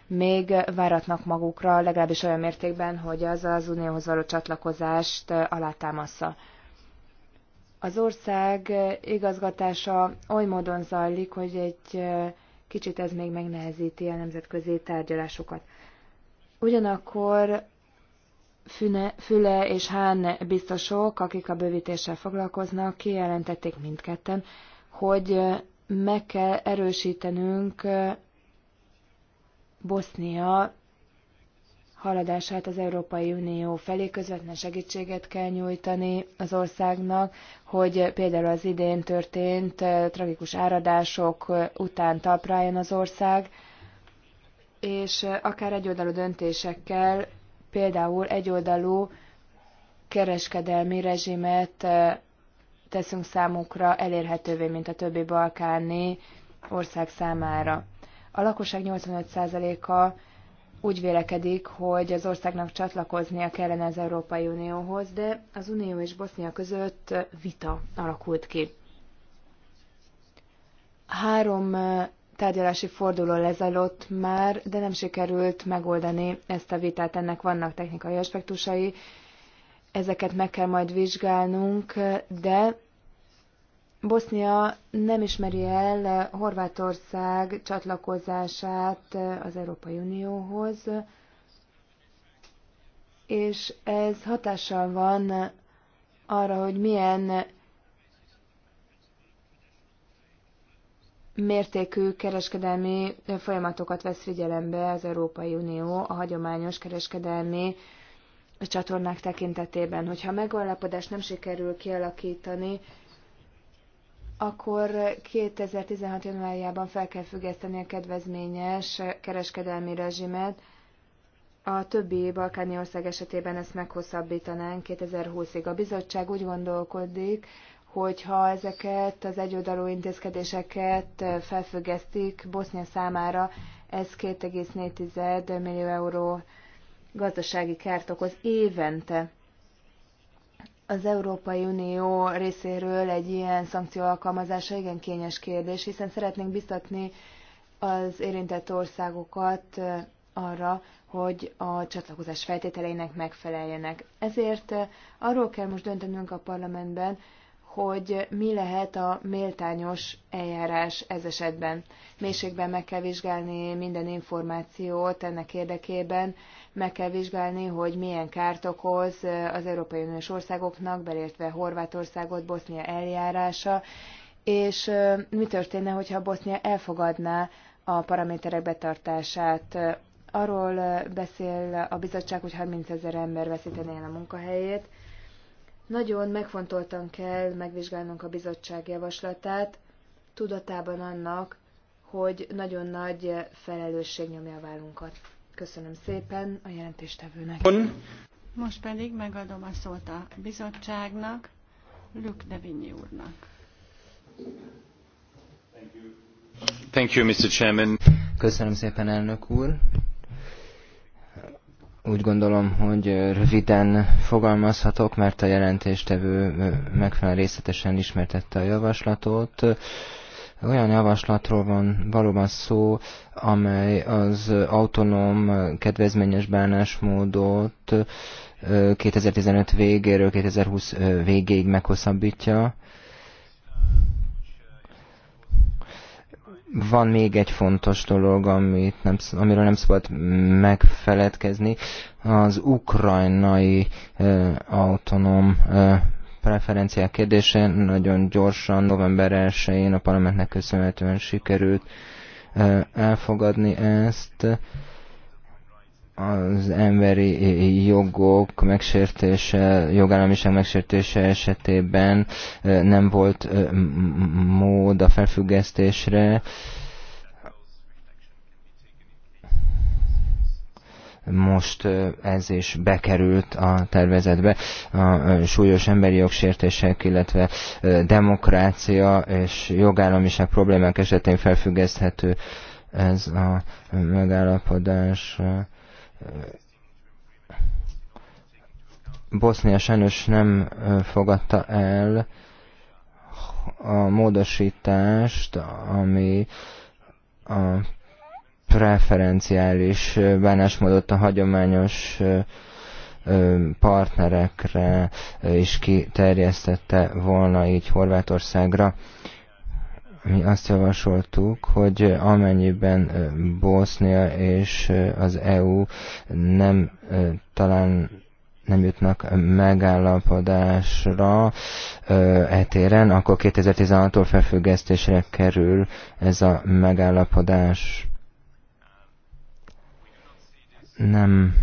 még váratnak magukra, legalábbis olyan mértékben, hogy az az unióhoz való csatlakozást eh, alátámasza. Az ország eh, igazgatása oly módon zajlik, hogy egy eh, kicsit ez még megnehezíti a nemzetközi tárgyalásokat. Ugyanakkor Füne, Füle és Hán biztosok, akik a bővítéssel foglalkoznak, kijelentették mindketten, hogy meg kell erősítenünk Bosznia haladását az Európai Unió felé közvetlen segítséget kell nyújtani az országnak, hogy például az idén történt eh, tragikus áradások eh, után talpráljon az ország, és eh, akár egyoldalú döntésekkel, például egyoldalú kereskedelmi rezsimet teszünk számukra elérhetővé, mint a többi balkáni ország számára. A lakosság 85%-a úgy vélekedik, hogy az országnak csatlakoznia kellene az Európai Unióhoz, de az Unió és Bosznia között vita alakult ki. Három eh, tárgyalási forduló lezajlott már, de nem sikerült megoldani ezt a vitát. Ennek vannak technikai aspektusai, ezeket meg kell majd vizsgálnunk, eh, de Bosznia nem ismeri el Horvátország csatlakozását az Európai Unióhoz, és ez hatással van arra, hogy milyen mértékű kereskedelmi folyamatokat vesz figyelembe az Európai Unió a hagyományos kereskedelmi csatornák tekintetében. Hogyha megállapodást nem sikerül kialakítani, akkor 2016 januárjában fel kell függeszteni a kedvezményes kereskedelmi rezsimet. A többi balkáni ország esetében ezt meghosszabbítanánk 2020-ig. A bizottság úgy gondolkodik, hogy ha ezeket az egyoldalú intézkedéseket felfüggesztik Bosznia számára, ez 2,4 millió euró gazdasági kárt okoz évente az Európai Unió részéről egy ilyen szankció alkalmazása igen kényes kérdés, hiszen szeretnénk biztatni az érintett országokat arra, hogy a csatlakozás feltételeinek megfeleljenek. Ezért arról kell most döntenünk a parlamentben, hogy mi lehet a méltányos eljárás ez esetben. Mélységben meg kell vizsgálni minden információt ennek érdekében, meg kell vizsgálni, hogy milyen kárt okoz az Európai Uniós országoknak, belértve Horvátországot, Bosznia eljárása, és mi történne, hogyha Bosznia elfogadná a paraméterek betartását. Arról beszél a bizottság, hogy 30 ezer ember veszítené el a munkahelyét, nagyon megfontoltan kell megvizsgálnunk a bizottság javaslatát, tudatában annak, hogy nagyon nagy felelősség nyomja a vállunkat. Köszönöm szépen a jelentéstevőnek. Most pedig megadom a szót a bizottságnak, Lük Devinyi úrnak. Thank you. Thank you, Mr. Chairman. Köszönöm szépen, elnök úr úgy gondolom, hogy röviden fogalmazhatok, mert a jelentéstevő megfelelően részletesen ismertette a javaslatot. Olyan javaslatról van valóban szó, amely az autonóm kedvezményes bánásmódot 2015 végéről 2020 végéig meghosszabbítja van még egy fontos dolog, amit nem, amiről nem szabad megfeledkezni, az ukrajnai eh, autonóm eh, preferenciák kérdése nagyon gyorsan, november 1-én a parlamentnek köszönhetően sikerült elfogadni ezt az emberi jogok megsértése, jogállamiság megsértése esetében nem volt mód a felfüggesztésre. Most ez is bekerült a tervezetbe. A súlyos emberi jogsértések, illetve demokrácia és jogállamiság problémák esetén felfüggeszthető ez a megállapodás. Bosznia sajnos nem fogadta el a módosítást, ami a preferenciális bánásmódot a hagyományos partnerekre is kiterjesztette volna így Horvátországra mi azt javasoltuk, hogy amennyiben Bosznia és az EU nem talán nem jutnak megállapodásra etéren, akkor 2016-tól felfüggesztésre kerül ez a megállapodás. Nem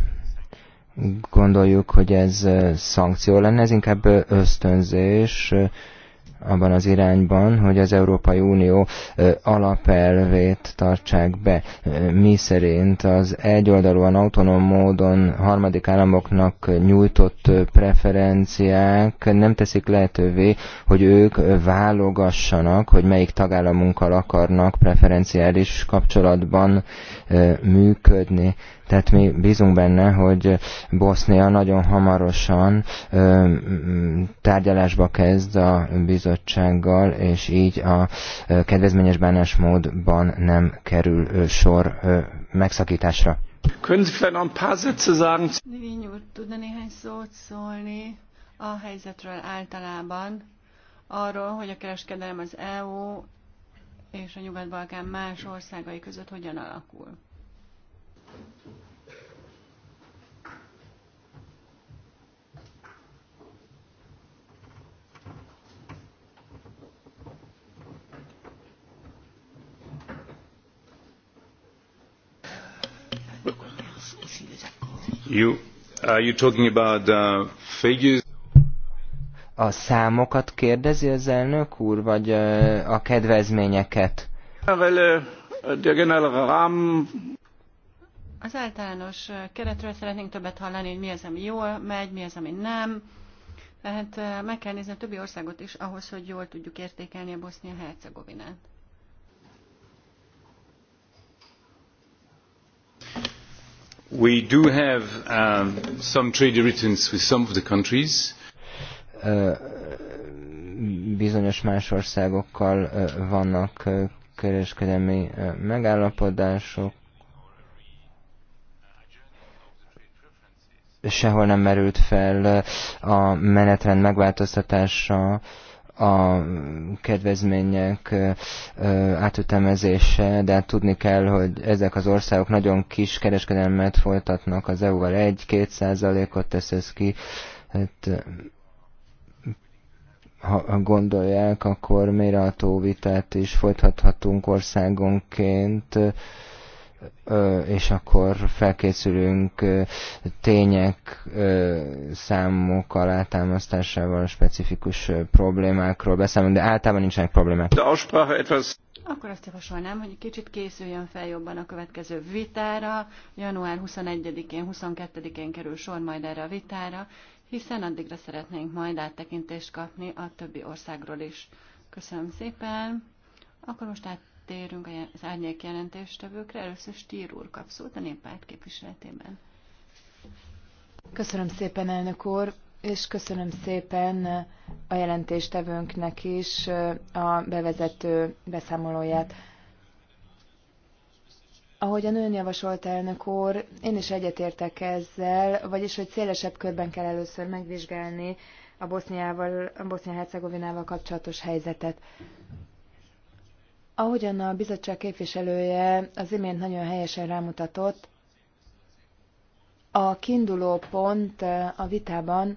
gondoljuk, hogy ez szankció lenne, ez inkább ösztönzés, abban az irányban, hogy az Európai Unió alapelvét tartsák be, mi szerint az egyoldalúan autonóm módon harmadik államoknak nyújtott preferenciák nem teszik lehetővé, hogy ők válogassanak, hogy melyik tagállamunkkal akarnak preferenciális kapcsolatban működni tehát mi bízunk benne, hogy Bosznia nagyon hamarosan tárgyalásba kezd a bizottsággal, és így a kedvezményes bánásmódban nem kerül sor megszakításra. Nivény úr, tudna néhány szót szólni a helyzetről általában, arról, hogy a kereskedelem az EU és a Nyugat-Balkán más országai között hogyan alakul? You, are you talking about the figures? A számokat kérdezi az elnök úr, vagy a kedvezményeket? Uh, az általános keretről szeretnénk többet hallani, hogy mi az, ami jól megy, mi az, ami nem. Tehát meg kell nézni a többi országot is ahhoz, hogy jól tudjuk értékelni a Bosznia-Hercegovinát. We do have um, some trade agreements with some of the countries. bizonyos más országokkal vannak kereskedelmi megállapodások. Sehol nem merült fel a menetrend megváltoztatása Uh, a kedvezmények átütemezése, de hát tudni kell, hogy ezek az országok nagyon kis kereskedelmet folytatnak az EU-val, 1-2 százalékot tesz ez ki, hát, ha gondolják, akkor méreható vitát is folytathatunk országonként, és akkor felkészülünk tények, számok alátámasztásával specifikus problémákról beszélünk, de általában nincsenek problémák. Akkor azt javasolnám, hogy kicsit készüljön fel jobban a következő vitára. Január 21-én, 22-én kerül sor majd erre a vitára, hiszen addigra szeretnénk majd áttekintést kapni a többi országról is. Köszönöm szépen. Akkor most át áttérünk az árnyék jelentéstevőkre. Először Stír úr kapszult a néppárt képviseletében. Köszönöm szépen, elnök úr, és köszönöm szépen a jelentéstevőnknek is a bevezető beszámolóját. Ahogy a nőn javasolt elnök úr, én is egyetértek ezzel, vagyis hogy szélesebb körben kell először megvizsgálni a Boszniával, a Bosznia-Hercegovinával kapcsolatos helyzetet. Ahogyan a bizottság képviselője az imént nagyon helyesen rámutatott, a kiinduló pont eh, a vitában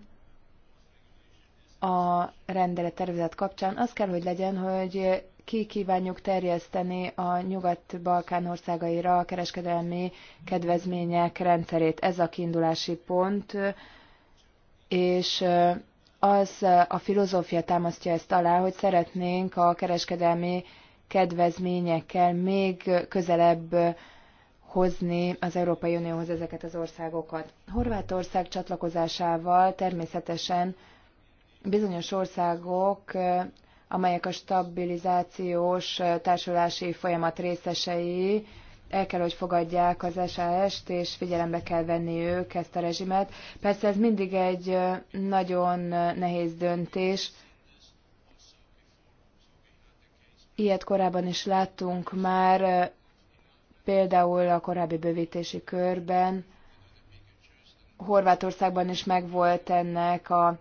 a rendelet tervezet kapcsán az kell, hogy legyen, hogy ki kívánjuk terjeszteni a Nyugat-Balkán országaira a kereskedelmi kedvezmények rendszerét. Ez a kiindulási pont, és eh, az a filozófia támasztja ezt alá, hogy szeretnénk a kereskedelmi kedvezményekkel még közelebb hozni az Európai Unióhoz ezeket az országokat. Horvátország csatlakozásával természetesen bizonyos országok, amelyek a stabilizációs társulási folyamat részesei, el kell, hogy fogadják az SAS-t, és figyelembe kell venni ők ezt a rezsimet. Persze ez mindig egy nagyon nehéz döntés, Ilyet korábban is láttunk már, például a korábbi bővítési körben. Horvátországban is megvolt ennek a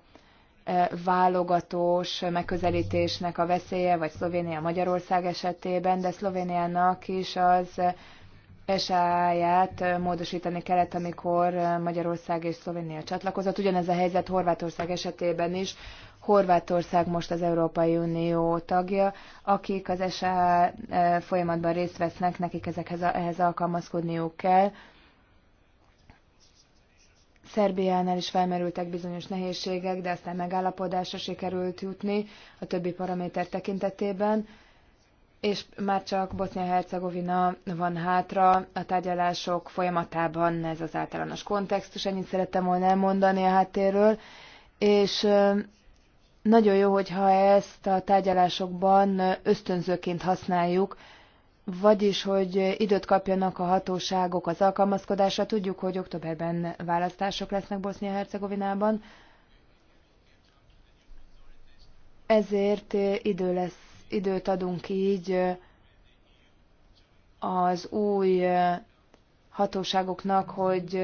válogatós megközelítésnek a veszélye, vagy Szlovénia Magyarország esetében, de Szlovéniának is az SAA-ját módosítani kellett, amikor Magyarország és Szlovénia csatlakozott. Ugyanez a helyzet Horvátország esetében is. Horvátország most az Európai Unió tagja, akik az SA eh, folyamatban részt vesznek, nekik ezekhez, ehhez alkalmazkodniuk kell. Szerbiánál is felmerültek bizonyos nehézségek, de aztán megállapodásra sikerült jutni a többi paraméter tekintetében, és már csak Bosznia-Hercegovina van hátra a tárgyalások folyamatában, ez az általános kontextus, ennyit szerettem volna elmondani a háttérről, és eh, nagyon jó, hogyha ezt a tárgyalásokban ösztönzőként használjuk, vagyis, hogy időt kapjanak a hatóságok az alkalmazkodásra. Tudjuk, hogy októberben választások lesznek Bosznia-Hercegovinában, ezért idő lesz, időt adunk így az új hatóságoknak, hogy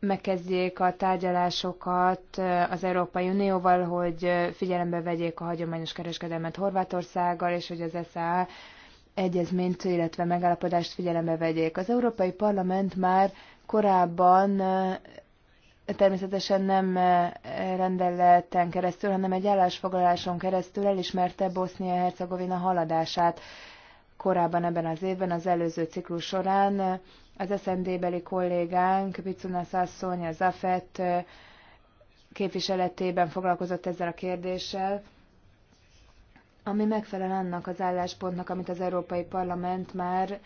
megkezdjék a tárgyalásokat az Európai Unióval, hogy figyelembe vegyék a hagyományos kereskedelmet Horvátországgal, és hogy az SZA egyezményt, illetve megállapodást figyelembe vegyék. Az Európai Parlament már korábban természetesen nem rendeleten keresztül, hanem egy állásfoglaláson keresztül elismerte Bosznia-Hercegovina haladását korábban ebben az évben, az előző ciklus során az SZND-beli kollégánk, Picunas asszony, az AFET képviseletében foglalkozott ezzel a kérdéssel, ami megfelel annak az álláspontnak, amit az Európai Parlament már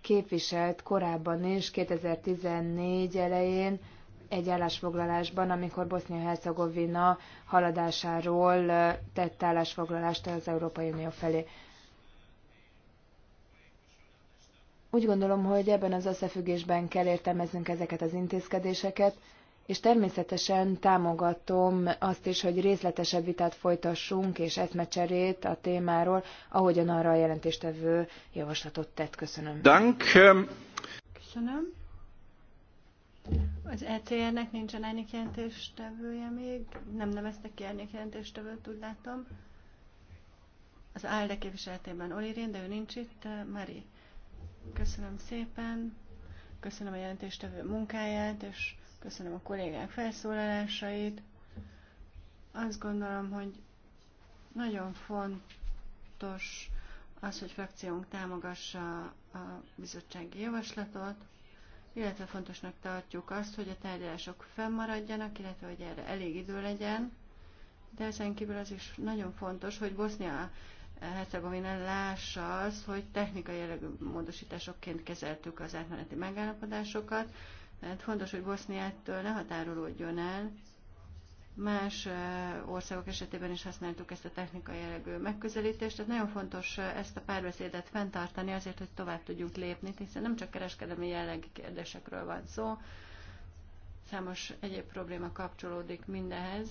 képviselt korábban is, 2014 elején, egy állásfoglalásban, amikor Bosznia-Hercegovina haladásáról tett állásfoglalást az Európai Unió felé. Úgy gondolom, hogy ebben az összefüggésben kell értelmeznünk ezeket az intézkedéseket, és természetesen támogatom azt is, hogy részletesebb vitát folytassunk és eszmecserét a témáról, ahogyan arra a jelentéstevő javaslatot tett. Köszönöm. Dank. Köszönöm. Az ECR-nek nincsen árnyék jelentéstevője még, nem neveztek ki árnyék jelentéstevőt, úgy látom. Az ALDE képviseletében Oli Rén, de ő nincs itt, Mari. Köszönöm szépen, köszönöm a jelentéstevő munkáját, és köszönöm a kollégák felszólalásait. Azt gondolom, hogy nagyon fontos az, hogy frakciónk támogassa a bizottsági javaslatot, illetve fontosnak tartjuk azt, hogy a tárgyalások fennmaradjanak, illetve hogy erre elég idő legyen, de ezen kívül az is nagyon fontos, hogy Bosznia Hercegovina lássa az, hogy technikai jellegű módosításokként kezeltük az átmeneti megállapodásokat, mert hát fontos, hogy Boszniától ne határolódjon el. Más eh, országok esetében is használtuk ezt a technikai jellegű megközelítést, tehát nagyon fontos eh, ezt a párbeszédet fenntartani azért, hogy tovább tudjunk lépni, hiszen nem csak kereskedelmi jellegű kérdésekről van szó, számos egyéb probléma kapcsolódik mindehez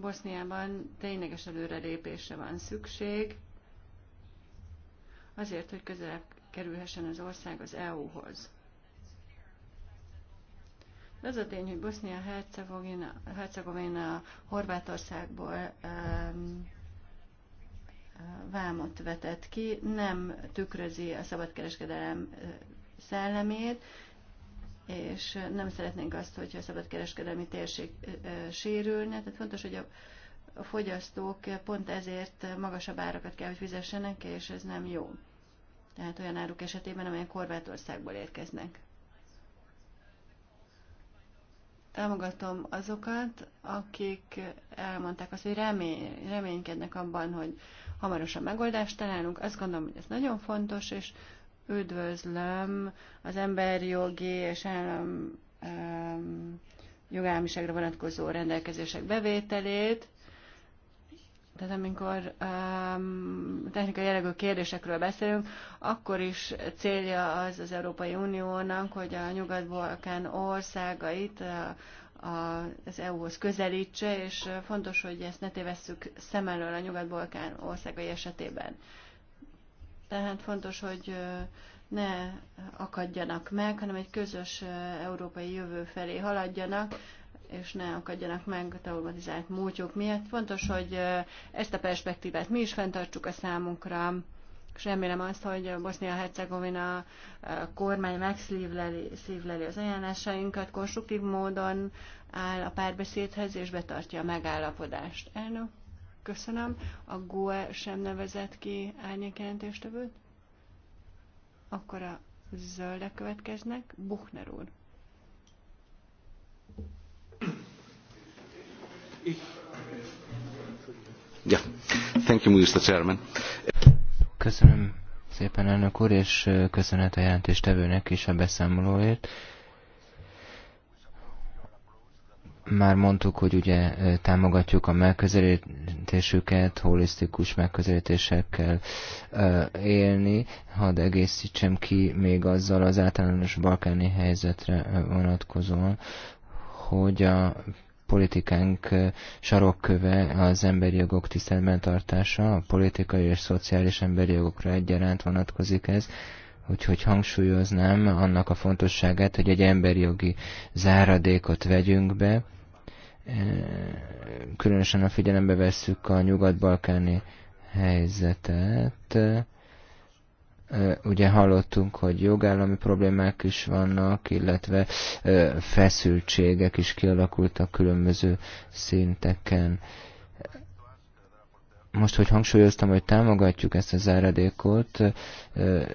Boszniában tényleges előrelépésre van szükség, azért, hogy közelebb kerülhessen az ország az EU-hoz. De az a tény, hogy Bosznia-Hercegovina Horvátországból um, vámot vetett ki, nem tükrözi a szabadkereskedelem szellemét, és nem szeretnénk azt, hogyha a szabadkereskedelmi térség sérülne, tehát fontos, hogy a a fogyasztók pont ezért magasabb árakat kell, hogy fizessenek, és ez nem jó. Tehát olyan áruk esetében, amelyek Horvátországból érkeznek. Támogatom azokat, akik elmondták azt, hogy remény, reménykednek abban, hogy hamarosan megoldást találunk. Azt gondolom, hogy ez nagyon fontos, és üdvözlöm az emberi jogi és állam jogállamiságra vonatkozó rendelkezések bevételét. Tehát amikor um, technikai jellegű kérdésekről beszélünk, akkor is célja az az Európai Uniónak, hogy a Nyugat-Balkán országait eh, a, az EU-hoz közelítse, és eh, fontos, hogy ezt ne tévesszük szem elől a Nyugat-Balkán országai esetében. Tehát fontos, hogy ne akadjanak meg, hanem egy közös európai jövő felé haladjanak, és ne akadjanak meg a traumatizált múltjuk miatt. Fontos, hogy ezt a perspektívát mi is fenntartsuk a számunkra, és remélem azt, hogy bosnia hercegovina kormány megszívleli szívleli az ajánlásainkat, konstruktív módon áll a párbeszédhez, és betartja a megállapodást. Elnök Köszönöm. A GUE sem nevezett ki árnyékjelentéstevőt. Akkor a zöldek következnek. Buchner úr. Yeah. Thank you, Mr. Chairman. Köszönöm szépen, elnök úr, és köszönet a jelentéstevőnek is a beszámolóért. Már mondtuk, hogy ugye támogatjuk a megközelítésüket, holisztikus megközelítésekkel élni. Hadd egészítsem ki még azzal az általános balkáni helyzetre vonatkozóan, hogy a politikánk sarokköve az emberi jogok tiszteletben tartása, a politikai és szociális emberi jogokra egyaránt vonatkozik ez, úgyhogy hangsúlyoznám annak a fontosságát, hogy egy emberi jogi záradékot vegyünk be, különösen a figyelembe vesszük a nyugat-balkáni helyzetet, ugye hallottunk, hogy jogállami problémák is vannak, illetve feszültségek is kialakultak különböző szinteken most, hogy hangsúlyoztam, hogy támogatjuk ezt az áradékot,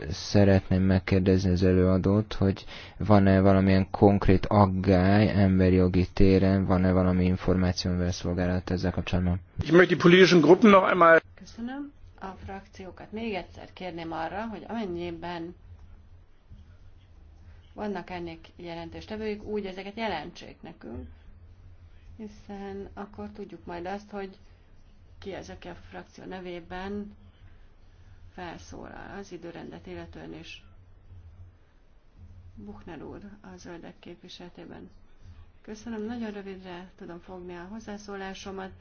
szeretném megkérdezni az előadót, hogy van-e valamilyen konkrét aggály emberi jogi téren, van-e valami információ, amivel szolgálat ezzel kapcsolatban? Köszönöm. A frakciókat még egyszer kérném arra, hogy amennyiben vannak ennek jelentéstevőik, úgy ezeket jelentsék nekünk, hiszen akkor tudjuk majd azt, hogy ki az, a frakció nevében felszólal az időrendet illetően is. Buchner úr a zöldek képviseletében. Köszönöm, nagyon rövidre tudom fogni a hozzászólásomat.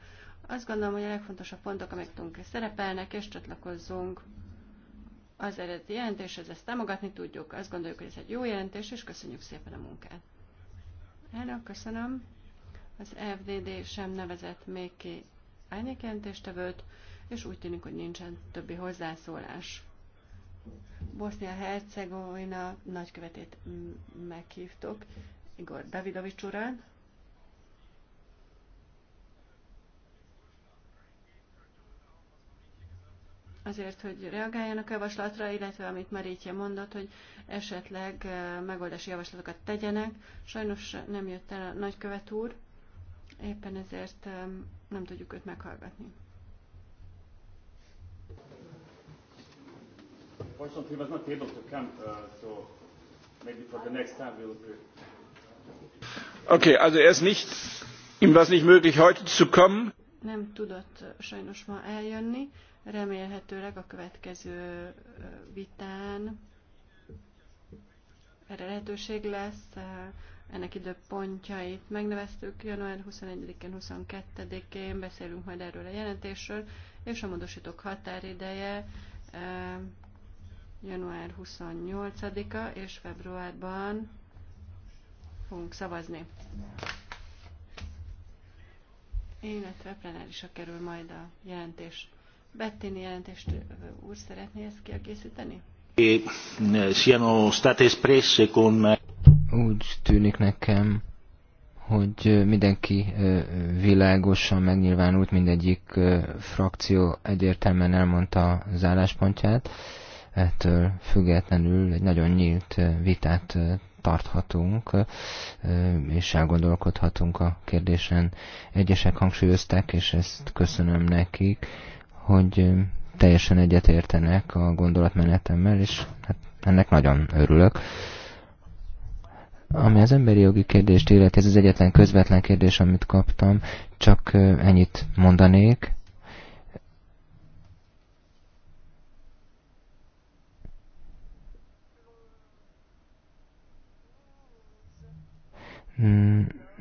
Azt gondolom, hogy a legfontosabb pontok, amik szerepelnek, és csatlakozzunk az eredeti jelentéshez, ezt támogatni tudjuk. Azt gondoljuk, hogy ez egy jó jelentés, és köszönjük szépen a munkát. Elnök, köszönöm. Az FDD sem nevezett még ki árnyékjelentéstevőt, és úgy tűnik, hogy nincsen többi hozzászólás. Bosznia-Hercegovina nagykövetét meghívtok, Igor Davidovics urán. Azért, hogy reagáljanak a javaslatra, illetve amit Marítja mondott, hogy esetleg eh, megoldási javaslatokat tegyenek. Sajnos nem jött el a nagykövet úr, Éppen ezért nem tudjuk őt meghallgatni. Unfortunately, he was not able to come, uh, so maybe for the next time we'll do. Okay, also er ist nicht, ihm war es nicht möglich, heute zu kommen. Nem tudott sajnos ma eljönni, remélhetőleg a következő vitán erre lehetőség lesz, ennek időpontjait megneveztük, január 21-én, 22-én beszélünk majd erről a jelentésről, és a módosítók határideje eh, január 28-a, és februárban fogunk szavazni. Illetve plenárisra kerül majd a jelentés. Bettini jelentést eh, úr szeretné ezt kiegészíteni? Eh, siano state espresse con úgy tűnik nekem, hogy mindenki világosan megnyilvánult, mindegyik frakció egyértelműen elmondta az álláspontját. Ettől függetlenül egy nagyon nyílt vitát tarthatunk, és elgondolkodhatunk a kérdésen. Egyesek hangsúlyozták, és ezt köszönöm nekik, hogy teljesen egyetértenek a gondolatmenetemmel, és hát ennek nagyon örülök. Ami az emberi jogi kérdést illeti, ez az egyetlen közvetlen kérdés, amit kaptam, csak ennyit mondanék.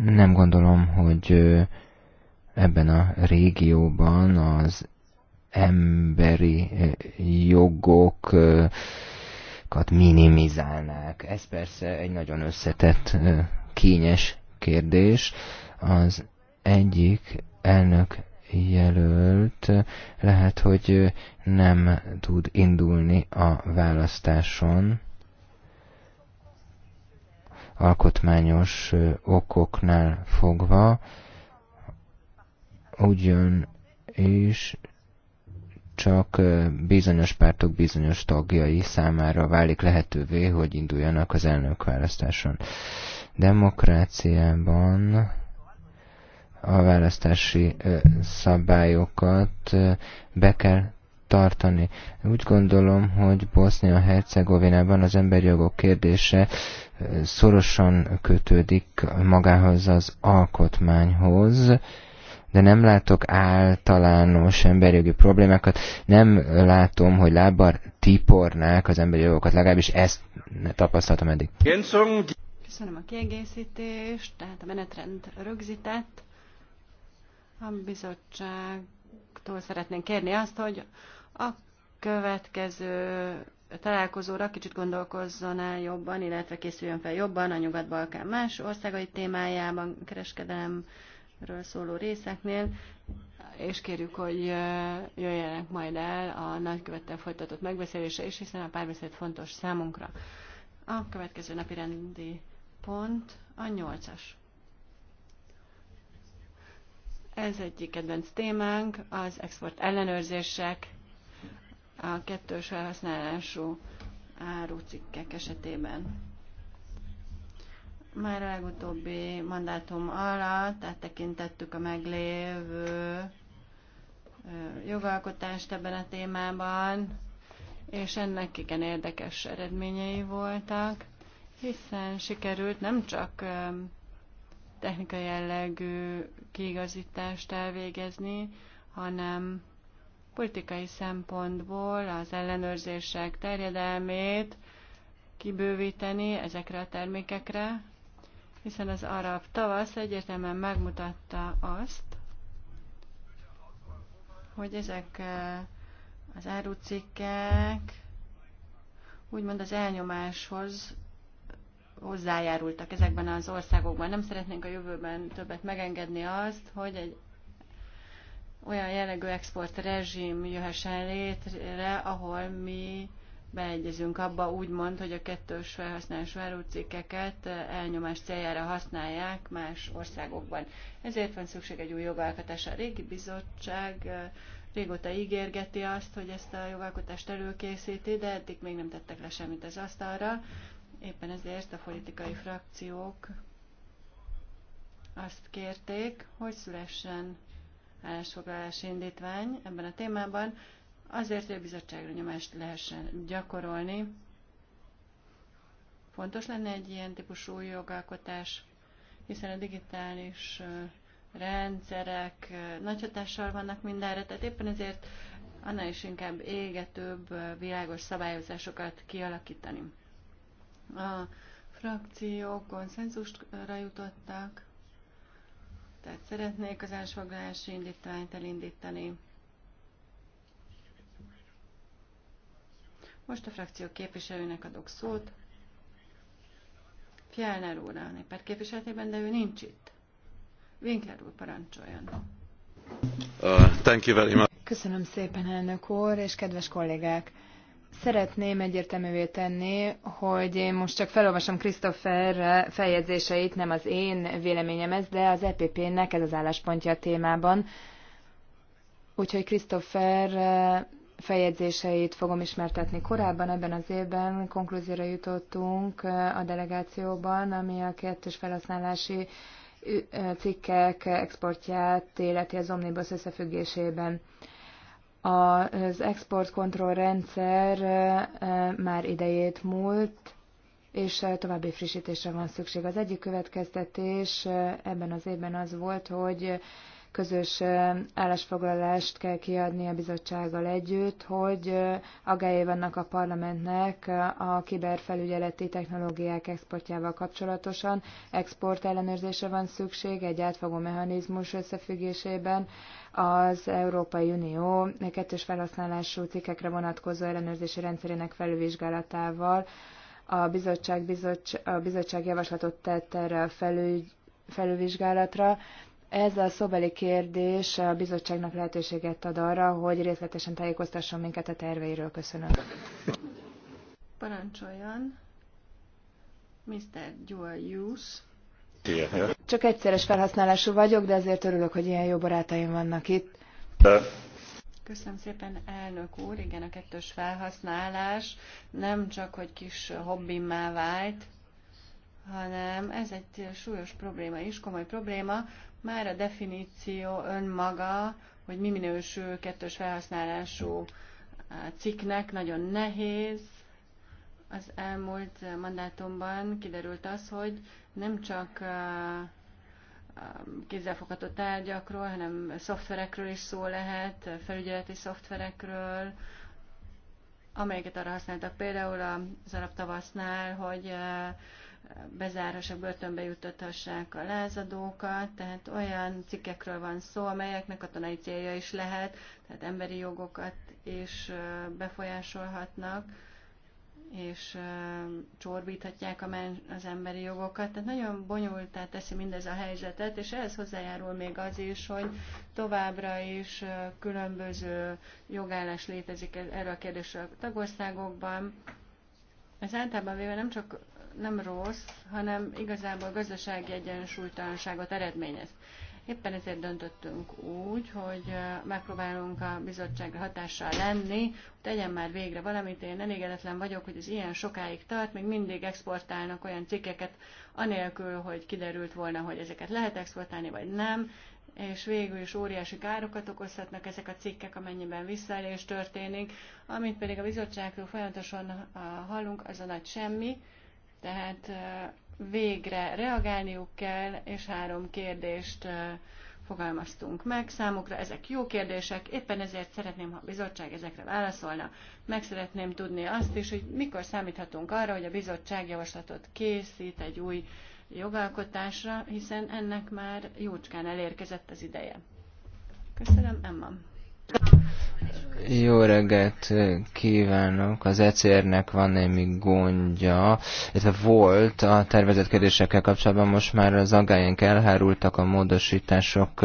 Nem gondolom, hogy ebben a régióban az emberi jogok kockázatunkat minimizálnák. Ez persze egy nagyon összetett, kényes kérdés. Az egyik elnök jelölt lehet, hogy nem tud indulni a választáson alkotmányos okoknál fogva, és csak bizonyos pártok bizonyos tagjai számára válik lehetővé, hogy induljanak az elnökválasztáson. Demokráciában a választási szabályokat be kell tartani. Úgy gondolom, hogy Bosznia-Hercegovinában az emberjogok kérdése szorosan kötődik magához az alkotmányhoz, de nem látok általános emberjogi problémákat, nem látom, hogy lábbal tipornák az emberi jogokat, legalábbis ezt tapasztaltam eddig. Köszönöm a kiegészítést, tehát a menetrend rögzített. A bizottságtól szeretnénk kérni azt, hogy a következő találkozóra kicsit gondolkozzon el jobban, illetve készüljön fel jobban a Nyugat-Balkán más országai témájában, kereskedelem, ről szóló részeknél, és kérjük, hogy jöjjenek majd el a nagykövettel folytatott megbeszélése is, hiszen a párbeszéd fontos számunkra. A következő napi rendi pont a nyolcas. Ez egyik kedvenc témánk, az export ellenőrzések, a kettős felhasználású árucikkek esetében. Már a legutóbbi mandátum alatt áttekintettük a meglévő jogalkotást ebben a témában, és ennek igen érdekes eredményei voltak, hiszen sikerült nem csak technikai jellegű kiigazítást elvégezni, hanem politikai szempontból az ellenőrzések terjedelmét kibővíteni ezekre a termékekre, hiszen az arab tavasz egyértelműen megmutatta azt, hogy ezek eh, az árucikkek úgymond az elnyomáshoz hozzájárultak ezekben az országokban. Nem szeretnénk a jövőben többet megengedni azt, hogy egy olyan jellegű rezsim jöhessen létre, ahol mi beegyezünk abba, úgymond, hogy a kettős felhasználású árucikkeket eh, elnyomás céljára használják más országokban. Ezért van szükség egy új jogalkotásra. A régi bizottság eh, régóta ígérgeti azt, hogy ezt a jogalkotást előkészíti, de eddig még nem tettek le semmit az asztalra. Éppen ezért a politikai frakciók azt kérték, hogy szülessen állásfoglalási indítvány ebben a témában, azért, hogy a bizottságra nyomást lehessen gyakorolni. Fontos lenne egy ilyen típusú jogalkotás, hiszen a digitális rendszerek nagy hatással vannak mindenre, tehát éppen ezért annál is inkább égetőbb, világos szabályozásokat kialakítani. A frakciók konszenzusra jutottak, tehát szeretnék az elsfoglalási indítványt elindítani. Most a frakció képviselőnek adok szót. Fjellner úr a néppárt képviseletében, de ő nincs itt. Winkler úr parancsoljon. Uh, thank you very much. Köszönöm szépen, elnök úr, és kedves kollégák! Szeretném egyértelművé tenni, hogy én most csak felolvasom Christopher feljegyzéseit, nem az én véleményem ez, de az EPP-nek ez az álláspontja a témában. Úgyhogy Christopher feljegyzéseit fogom ismertetni. Korábban ebben az évben konklúzióra jutottunk eh, a delegációban, ami a kettős felhasználási eh, cikkek exportját életi az Omnibus összefüggésében. Az exportkontroll rendszer eh, már idejét múlt, és további frissítésre van szükség. Az egyik következtetés ebben az évben az volt, hogy közös állásfoglalást kell kiadni a bizottsággal együtt, hogy agályé vannak a parlamentnek a kiberfelügyeleti technológiák exportjával kapcsolatosan. Export ellenőrzése van szükség egy átfogó mechanizmus összefüggésében az Európai Unió kettős felhasználású cikkekre vonatkozó ellenőrzési rendszerének felülvizsgálatával. A bizottság, bizottság, a bizottság javaslatot tett erre a felügy, felülvizsgálatra, ez a szóbeli kérdés a bizottságnak lehetőséget ad arra, hogy részletesen tájékoztasson minket a terveiről. Köszönöm. Parancsoljon, Mr. Dual Use. Csak egyszeres felhasználású vagyok, de azért örülök, hogy ilyen jó barátaim vannak itt. Köszönöm szépen, elnök úr. Igen, a kettős felhasználás nem csak, hogy kis hobbimmá vált, hanem ez egy súlyos probléma is, komoly probléma, már a definíció önmaga, hogy mi minősül kettős felhasználású cikknek, nagyon nehéz. Az elmúlt mandátumban kiderült az, hogy nem csak kézzelfogható tárgyakról, hanem szoftverekről is szó lehet, felügyeleti szoftverekről, amelyeket arra használtak például az arab tavasznál, hogy bezárhassák, börtönbe juttathassák a lázadókat, tehát olyan cikkekről van szó, amelyeknek tanai célja is lehet, tehát emberi jogokat is befolyásolhatnak, és csorbíthatják az emberi jogokat. Tehát nagyon bonyolultá teszi mindez a helyzetet, és ehhez hozzájárul még az is, hogy továbbra is különböző jogállás létezik e-, erről a kérdésről a tagországokban, ez általában véve nem csak nem rossz, hanem igazából gazdasági egyensúlytalanságot eredményez. Éppen ezért döntöttünk úgy, hogy megpróbálunk a bizottságra hatással lenni, hogy tegyen már végre valamit. Én elégedetlen vagyok, hogy ez ilyen sokáig tart, még mindig exportálnak olyan cikkeket, anélkül, hogy kiderült volna, hogy ezeket lehet exportálni, vagy nem és végül is óriási károkat okozhatnak ezek a cikkek, amennyiben visszaélés történik. Amit pedig a bizottságról folyamatosan hallunk, az a nagy semmi, tehát végre reagálniuk kell, és három kérdést fogalmaztunk meg. Számukra ezek jó kérdések, éppen ezért szeretném, ha a bizottság ezekre válaszolna. Meg szeretném tudni azt is, hogy mikor számíthatunk arra, hogy a bizottság javaslatot készít egy új uh, jogalkotásra, hiszen ennek már jócskán elérkezett az ideje. Köszönöm, Emma. Jó reggelt kívánok! Az ECR-nek van némi gondja, illetve volt a tervezett kérdésekkel kapcsolatban, most már az agályánk elhárultak a módosítások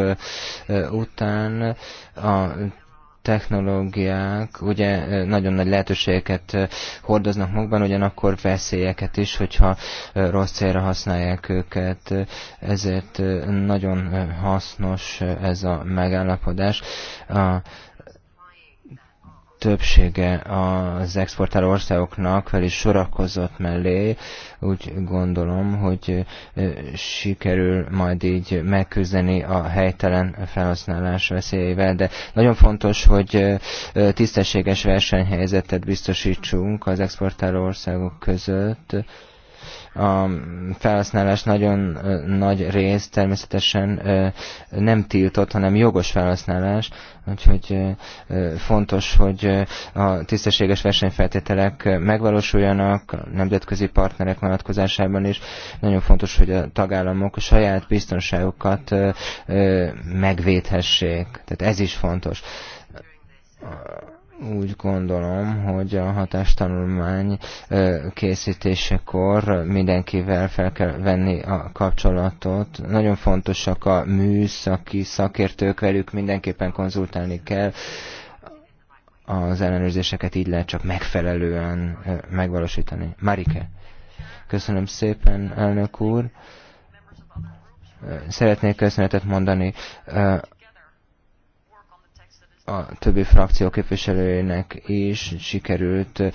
után. A technológiák ugye nagyon nagy lehetőségeket hordoznak magban, ugyanakkor veszélyeket is, hogyha rossz célra használják őket. Ezért nagyon hasznos ez a megállapodás. A többsége az exportáló országoknak fel is sorakozott mellé. Úgy gondolom, hogy sikerül majd így megküzdeni a helytelen felhasználás veszélyével, de nagyon fontos, hogy tisztességes versenyhelyzetet biztosítsunk az exportáló országok között, a felhasználás nagyon nagy rész természetesen nem tiltott, hanem jogos felhasználás, úgyhogy fontos, hogy a tisztességes versenyfeltételek megvalósuljanak, a nemzetközi partnerek vonatkozásában is. Nagyon fontos, hogy a tagállamok a saját biztonságukat megvédhessék. Tehát ez is fontos úgy gondolom, hogy a hatástanulmány készítésekor mindenkivel fel kell venni a kapcsolatot. Nagyon fontosak a műszaki szakértők, velük mindenképpen konzultálni kell. Az ellenőrzéseket így lehet csak megfelelően megvalósítani. Marike, köszönöm szépen, elnök úr. Szeretnék köszönetet mondani a többi frakció képviselőjének is sikerült eh,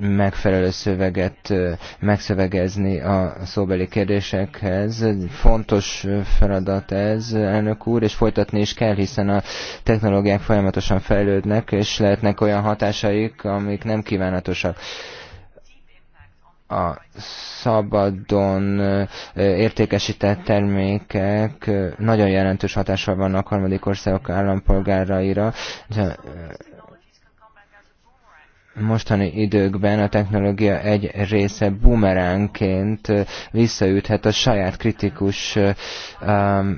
megfelelő szöveget eh, megszövegezni a szóbeli kérdésekhez. Fontos eh, feladat ez, elnök úr, és folytatni is kell, hiszen a technológiák folyamatosan fejlődnek, és lehetnek olyan hatásaik, amik nem kívánatosak a szabadon értékesített termékek nagyon jelentős hatással vannak a harmadik országok állampolgáraira. Mostani időkben a technológia egy része bumeránként visszaüthet a saját kritikus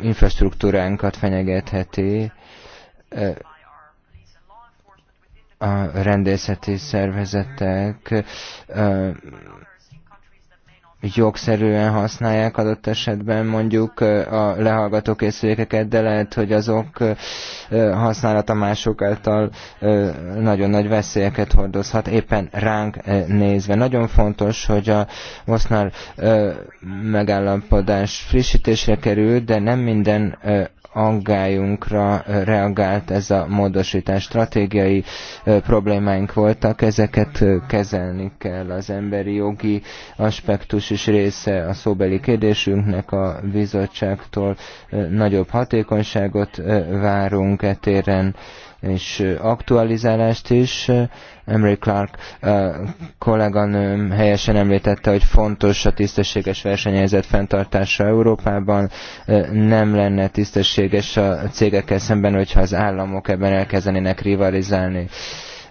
infrastruktúránkat fenyegetheti a rendészeti szervezetek jogszerűen használják adott esetben mondjuk a lehallgató készülékeket, de lehet, hogy azok használata mások által nagyon nagy veszélyeket hordozhat, éppen ránk nézve. Nagyon fontos, hogy a Mosznál megállapodás frissítésre kerül, de nem minden aggályunkra reagált ez a módosítás. Stratégiai problémáink voltak, ezeket kezelni kell. Az emberi jogi aspektus is része a szóbeli kérdésünknek a bizottságtól. Nagyobb hatékonyságot várunk etéren. téren és aktualizálást is. Emery Clark kolléganőm helyesen említette, hogy fontos a tisztességes versenyhelyzet fenntartása Európában. Nem lenne tisztességes a cégekkel szemben, hogyha az államok ebben elkezdenének rivalizálni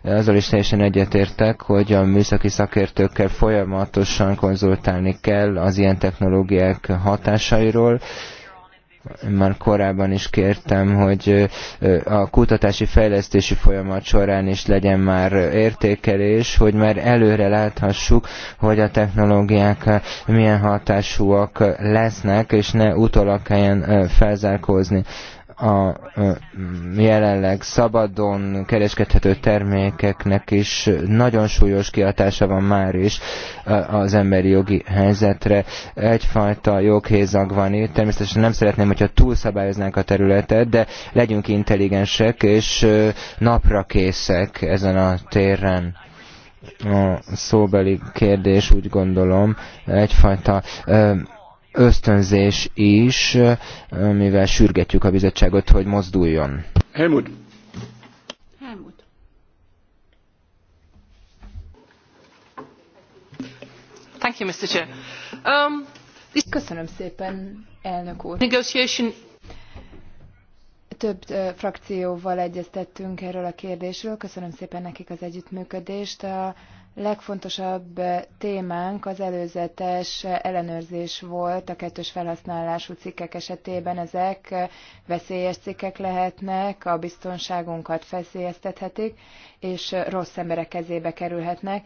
azzal is teljesen egyetértek, hogy a műszaki szakértőkkel folyamatosan konzultálni kell az ilyen technológiák hatásairól, már korábban is kértem, hogy a kutatási fejlesztési folyamat során is legyen már értékelés, hogy már előre láthassuk, hogy a technológiák milyen hatásúak lesznek, és ne utolak kelljen felzárkózni a jelenleg szabadon kereskedhető termékeknek is nagyon súlyos kihatása van már is az emberi jogi helyzetre. Egyfajta joghézag van itt. Természetesen nem szeretném, hogyha túlszabályoznánk a területet, de legyünk intelligensek és napra készek ezen a téren a szóbeli kérdés úgy gondolom egyfajta ö, ösztönzés is, mivel sürgetjük a bizottságot, hogy mozduljon. Helmut. Helmut. Thank you, Mr. Chair. Um, this... Köszönöm szépen, elnök úr. Negotiation több frakcióval egyeztettünk erről a kérdésről. Köszönöm szépen nekik az együttműködést. A legfontosabb témánk az előzetes ellenőrzés volt a kettős felhasználású cikkek esetében. Ezek veszélyes cikkek lehetnek, a biztonságunkat feszélyeztethetik, és rossz emberek kezébe kerülhetnek.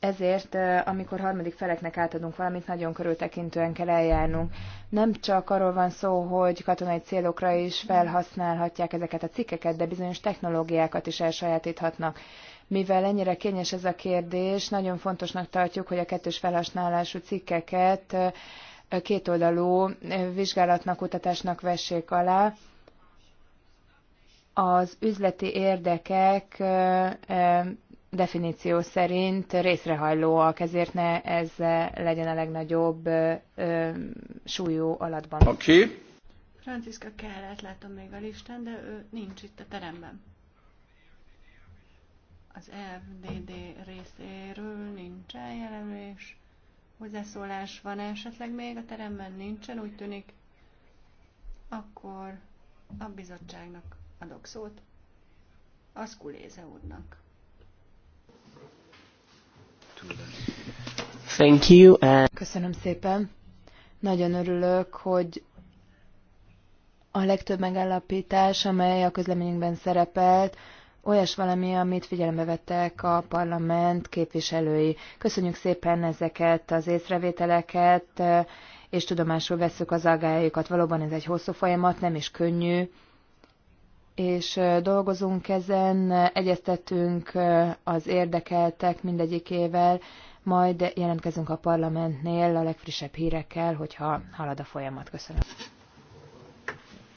Ezért, amikor harmadik feleknek átadunk valamit, nagyon körültekintően kell eljárnunk. Nem csak arról van szó, hogy katonai célokra is felhasználhatják ezeket a cikkeket, de bizonyos technológiákat is elsajátíthatnak. Mivel ennyire kényes ez a kérdés, nagyon fontosnak tartjuk, hogy a kettős felhasználású cikkeket kétoldalú vizsgálatnak, kutatásnak vessék alá. Az üzleti érdekek definíció szerint részrehajlóak, ezért ne ez legyen a legnagyobb súlyú alatban. Oké. Okay. Franciszka Kellert látom még a listán, de ő nincs itt a teremben. Az FDD részéről nincs eljelölés. Hozzászólás van -e esetleg még a teremben? Nincsen, úgy tűnik. Akkor a bizottságnak adok szót. Az Kuléze úrnak. Thank you. Uh, Köszönöm szépen. Nagyon örülök, hogy a legtöbb megállapítás, amely a közleményünkben szerepelt, olyas valami, amit figyelembe vettek a parlament képviselői. Köszönjük szépen ezeket az észrevételeket, és tudomásul veszük az agályaikat. Valóban ez egy hosszú folyamat, nem is könnyű, és dolgozunk ezen, egyeztetünk az érdekeltek mindegyikével, majd jelentkezünk a parlamentnél a legfrissebb hírekkel, hogyha halad a folyamat. Köszönöm.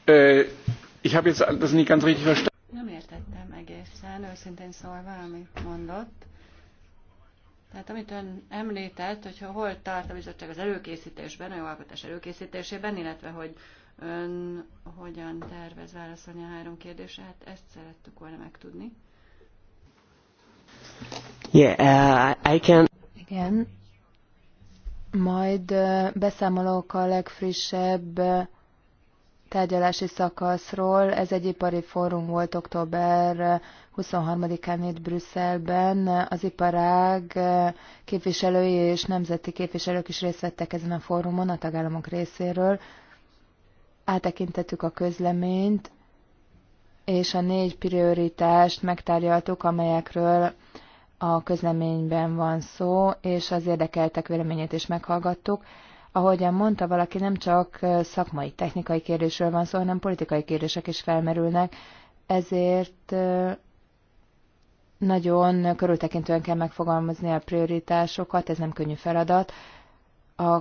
Ö, ich habe jetzt das nicht ganz richtig verstanden. Nem értettem egészen, őszintén szólva, amit mondott. Tehát amit ön említett, hogy hol tart a bizottság az előkészítésben, a jogalkotás előkészítésében, illetve hogy ön hogyan tervez válaszolni a három kérdésre, hát ezt szerettük volna megtudni. Yeah, uh, I can... Igen. Majd uh, beszámolok a legfrissebb uh, tárgyalási szakaszról. Ez egy ipari fórum volt október 23-án itt Brüsszelben. Az iparág képviselői és nemzeti képviselők is részt vettek ezen a fórumon a tagállamok részéről. Átekintettük a közleményt, és a négy prioritást megtárgyaltuk, amelyekről a közleményben van szó, és az érdekeltek véleményét is meghallgattuk ahogyan mondta valaki, nem csak szakmai, technikai kérdésről van szó, hanem politikai kérdések is felmerülnek, ezért nagyon körültekintően kell megfogalmazni a prioritásokat, ez nem könnyű feladat. A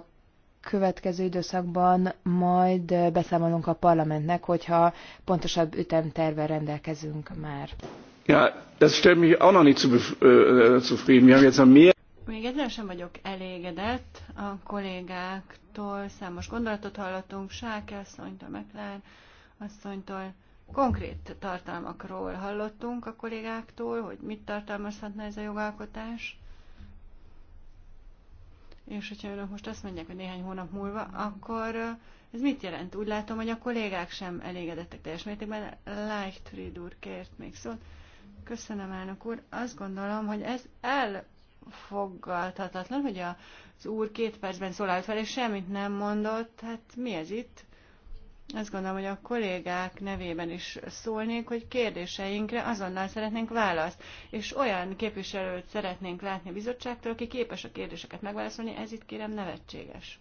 következő időszakban majd beszámolunk a parlamentnek, hogyha pontosabb ütemterve rendelkezünk már. Ja, das stellt mich auch noch nicht zu, äh, äh, zufrieden. Wir haben jetzt mehr még egyre sem vagyok elégedett. A kollégáktól számos gondolatot hallottunk, Sáke asszonytól, Meklár asszonytól. Konkrét tartalmakról hallottunk a kollégáktól, hogy mit tartalmazhatna ez a jogalkotás. És hogyha önök most azt mondják, hogy néhány hónap múlva, akkor ez mit jelent? Úgy látom, hogy a kollégák sem elégedettek teljes mértékben. Leichtfried úr kért még szót. Köszönöm, elnök úr. Azt gondolom, hogy ez el elfogadhatatlan, hogy az úr két percben szólalt fel, és semmit nem mondott. Hát mi ez itt? Azt gondolom, hogy a kollégák nevében is szólnék, hogy kérdéseinkre azonnal szeretnénk választ, és olyan képviselőt szeretnénk látni a bizottságtól, aki képes a kérdéseket megválaszolni, ez itt kérem nevetséges.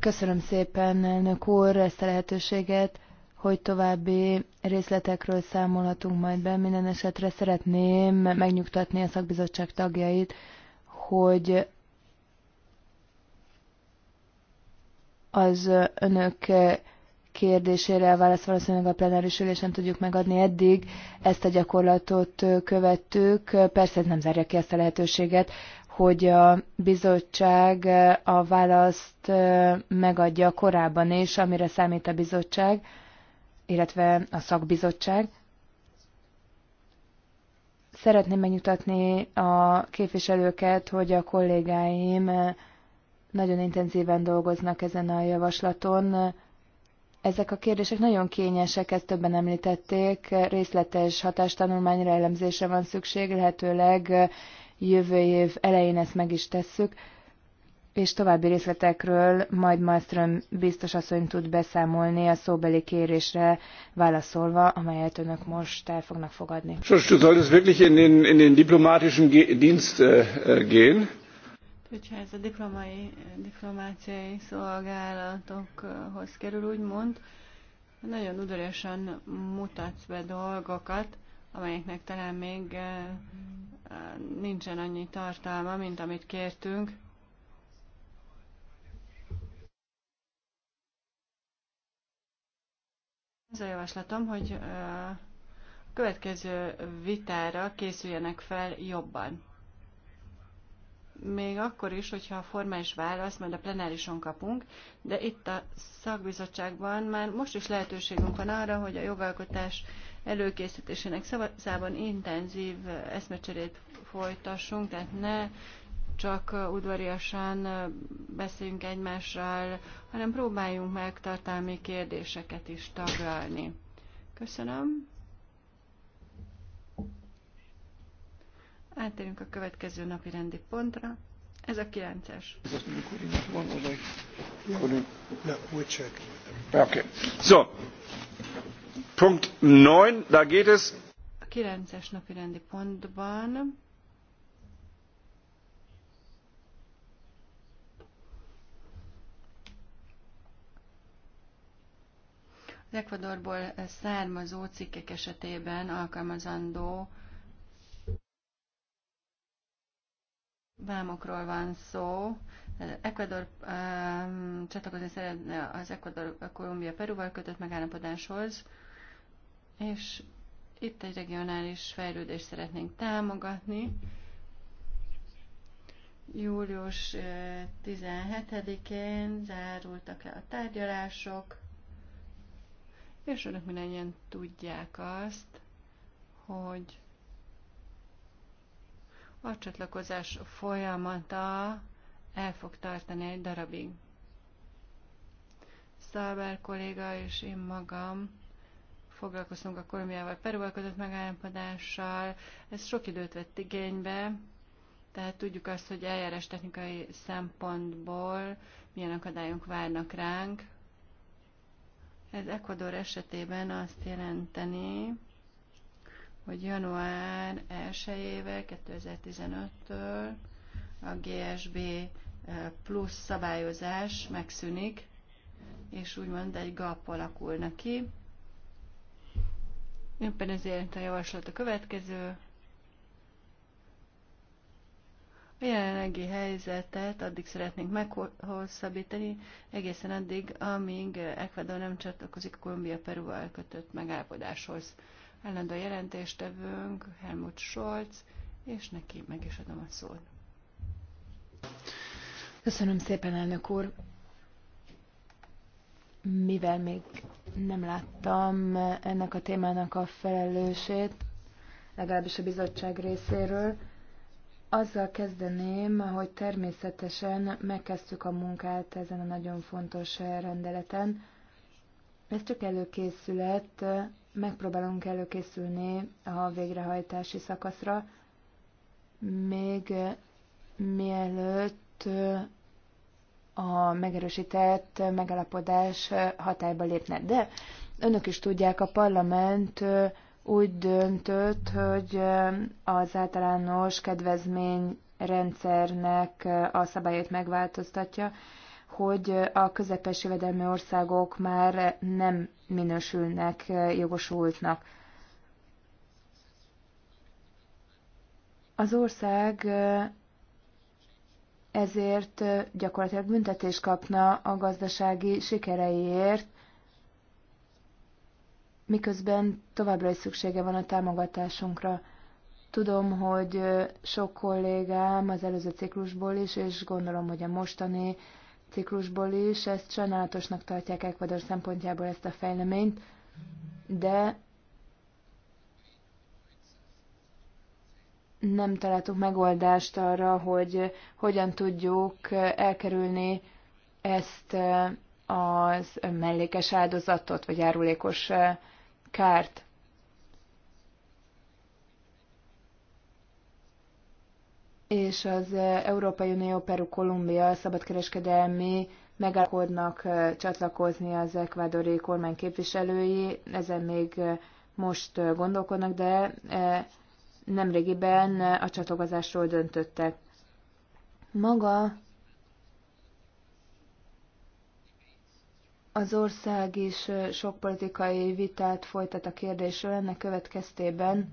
Köszönöm szépen, elnök úr, ezt a lehetőséget hogy további részletekről számolhatunk majd be. Minden esetre szeretném megnyugtatni a szakbizottság tagjait, hogy az önök kérdésére a választ valószínűleg a plenáris ülésen tudjuk megadni. Eddig ezt a gyakorlatot követtük. Persze ez nem zárja ki ezt a lehetőséget, hogy a bizottság a választ megadja korábban is, amire számít a bizottság illetve a szakbizottság. Szeretném megnyugtatni a képviselőket, hogy a kollégáim nagyon intenzíven dolgoznak ezen a javaslaton. Ezek a kérdések nagyon kényesek, ezt többen említették, részletes hatástanulmányra elemzésre van szükség, lehetőleg jövő év elején ezt meg is tesszük és további részletekről majd Malmström biztos asszony tud beszámolni a szóbeli kérésre válaszolva, amelyet önök most el fognak fogadni. Sos, du solltest wirklich in den, in den diplomatischen Dienst äh, gehen. Hogyha ez a diplomai, diplomáciai szolgálatokhoz kerül, úgymond, nagyon udvariasan mutatsz be dolgokat, amelyeknek talán még eh, nincsen annyi tartalma, mint amit kértünk Az a javaslatom, hogy a következő vitára készüljenek fel jobban. Még akkor is, hogyha a formális választ majd a plenárison kapunk, de itt a szakbizottságban már most is lehetőségünk van arra, hogy a jogalkotás előkészítésének szavazában intenzív eszmecserét folytassunk, tehát ne csak udvariasan beszéljünk egymással, hanem próbáljunk meg tartalmi kérdéseket is taglalni. Köszönöm. Átérünk a következő napi rendi pontra. Ez a 9-es. Okay. So, Punkt 9, da geht es. A 9-es napi rendi pontban Az Ecuadorból származó cikkek esetében alkalmazandó vámokról van szó. Ecuador um, csatlakozni szeretne az Ecuador-Kolumbia Peruval kötött megállapodáshoz, és itt egy regionális fejlődést szeretnénk támogatni. Július 17-én eh, zárultak le a tárgyalások és önök mindannyian tudják azt, hogy a csatlakozás folyamata el fog tartani egy darabig. Szalber kolléga és én magam foglalkoztunk a Kolumbiával, perúalkozott megállapodással, ez sok időt vett igénybe, tehát tudjuk azt, hogy eljárás technikai szempontból milyen akadályok várnak ránk, ez Ecuador esetében azt jelenteni, hogy január 1-ével, 2015-től a GSB eh, plusz szabályozás megszűnik, és úgymond egy gap alakulna ki. Éppen ezért a javaslat a következő, A jelenlegi helyzetet addig szeretnénk meghosszabbítani, egészen addig, amíg Ecuador nem csatlakozik a Kolumbia-Perúval kötött megállapodáshoz. a jelentéstevőnk Helmut Scholz, és neki meg is adom a szót. Köszönöm szépen, elnök úr! Mivel még nem láttam ennek a témának a felelősét, legalábbis a bizottság részéről, azzal kezdeném, hogy természetesen megkezdtük a munkát ezen a nagyon fontos rendeleten. Ez csak előkészület, megpróbálunk előkészülni a végrehajtási szakaszra, még mielőtt a megerősített megalapodás hatályba lépne. De önök is tudják, a parlament úgy döntött, hogy az általános kedvezményrendszernek a szabályait megváltoztatja, hogy a közepes jövedelmi országok már nem minősülnek jogosultnak. Az ország ezért gyakorlatilag büntetést kapna a gazdasági sikereiért, miközben továbbra is szüksége van a támogatásunkra. Tudom, hogy sok kollégám az előző ciklusból is, és gondolom, hogy a mostani ciklusból is ezt sajnálatosnak tartják Ecuador szempontjából ezt a fejleményt, de nem találtuk megoldást arra, hogy hogyan tudjuk elkerülni ezt az mellékes áldozatot, vagy árulékos kárt. És az Európai Unió Peru Kolumbia szabadkereskedelmi megállapodnak csatlakozni az ekvádori kormány képviselői, ezen még most gondolkodnak, de nemrégiben a csatlakozásról döntöttek. Maga Az ország is sok politikai vitát folytat a kérdésről, ennek következtében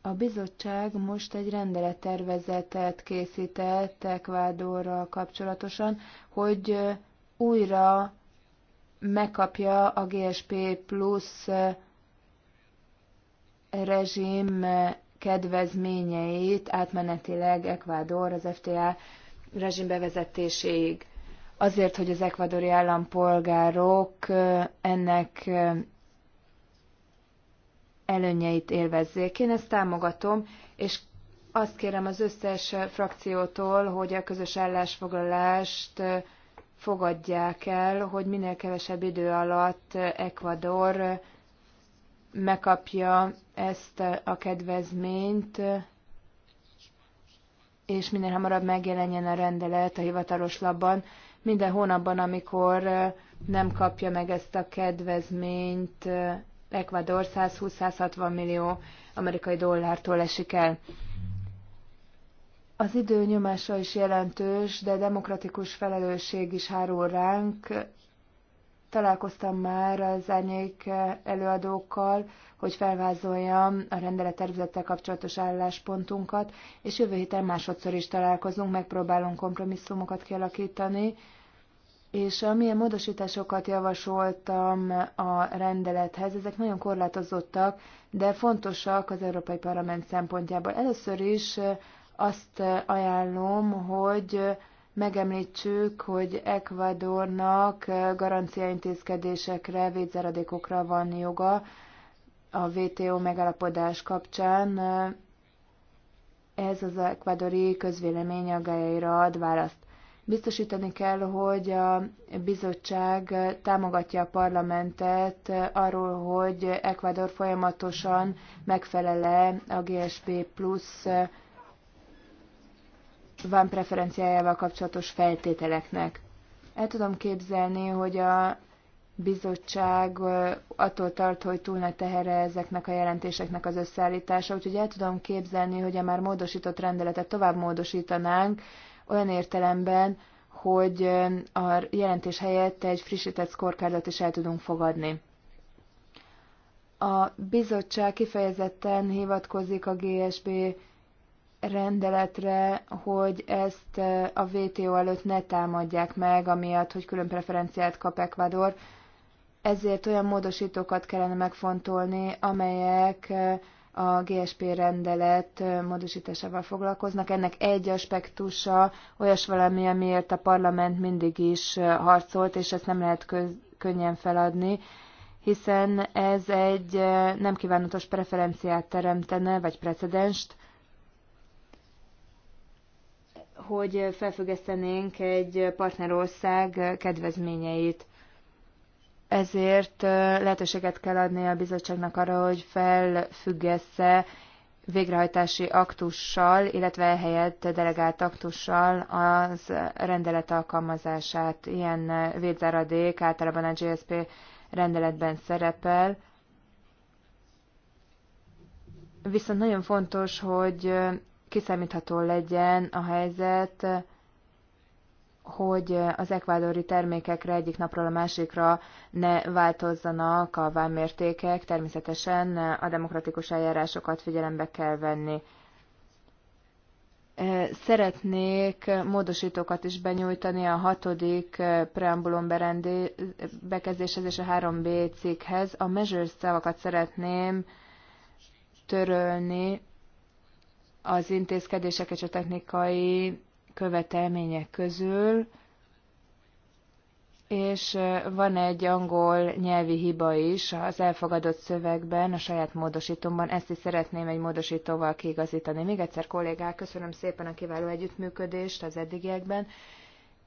a bizottság most egy rendelettervezetet készített Ekvádorral kapcsolatosan, hogy újra megkapja a GSP plusz rezsim kedvezményeit átmenetileg Ekvádor az FTA rezsim bevezetéséig azért, hogy az ekvadori állampolgárok ennek előnyeit élvezzék. Én ezt támogatom, és azt kérem az összes frakciótól, hogy a közös állásfoglalást fogadják el, hogy minél kevesebb idő alatt Ecuador megkapja ezt a kedvezményt, és minél hamarabb megjelenjen a rendelet a hivatalos labban, minden hónapban, amikor nem kapja meg ezt a kedvezményt, Ecuador 120-160 millió amerikai dollártól esik el. Az idő nyomása is jelentős, de demokratikus felelősség is hárul ránk, Találkoztam már az árnyék előadókkal, hogy felvázoljam a rendelettervezettel kapcsolatos álláspontunkat, és jövő héten másodszor is találkozunk, megpróbálunk kompromisszumokat kialakítani, és amilyen módosításokat javasoltam a rendelethez, ezek nagyon korlátozottak, de fontosak az Európai Parlament szempontjából. Először is azt ajánlom, hogy megemlítsük, hogy Ecuadornak eh, garanciaintézkedésekre, védzeradékokra van joga a WTO megalapodás kapcsán. Eh, ez az ekvadori közvélemény agájaira ad választ. Biztosítani kell, hogy a bizottság eh, támogatja a parlamentet arról, hogy Ecuador folyamatosan megfelele a GSP plusz van preferenciájával kapcsolatos feltételeknek. El tudom képzelni, hogy a bizottság attól tart, hogy túl nagy tehere ezeknek a jelentéseknek az összeállítása, úgyhogy el tudom képzelni, hogy a már módosított rendeletet tovább módosítanánk olyan értelemben, hogy a jelentés helyett egy frissített szkorkárdot is el tudunk fogadni. A bizottság kifejezetten hivatkozik a GSB rendeletre, hogy ezt eh, a VTO előtt ne támadják meg, amiatt, hogy külön preferenciát kap Ecuador. Ezért olyan módosítókat kellene megfontolni, amelyek eh, a GSP rendelet eh, módosításával foglalkoznak. Ennek egy aspektusa olyas valami, amiért a parlament mindig is harcolt, és ezt nem lehet köz- könnyen feladni, hiszen ez egy nem kívánatos preferenciát teremtene, vagy precedenst, hogy felfüggesztenénk egy partnerország kedvezményeit. Ezért lehetőséget kell adni a bizottságnak arra, hogy felfüggesse végrehajtási aktussal, illetve helyett delegált aktussal az rendelet alkalmazását. Ilyen védzáradék általában a GSP rendeletben szerepel. Viszont nagyon fontos, hogy kiszámítható legyen a helyzet, hogy az ekvádori termékekre egyik napról a másikra ne változzanak a vámértékek, természetesen a demokratikus eljárásokat figyelembe kell venni. Szeretnék módosítókat is benyújtani a hatodik preambulum bekezdéshez és a 3b cikkhez. A measures szavakat szeretném törölni, az intézkedések és a technikai követelmények közül, és van egy angol nyelvi hiba is az elfogadott szövegben, a saját módosítomban, ezt is szeretném egy módosítóval kiigazítani. Még egyszer kollégák, köszönöm szépen a kiváló együttműködést az eddigiekben,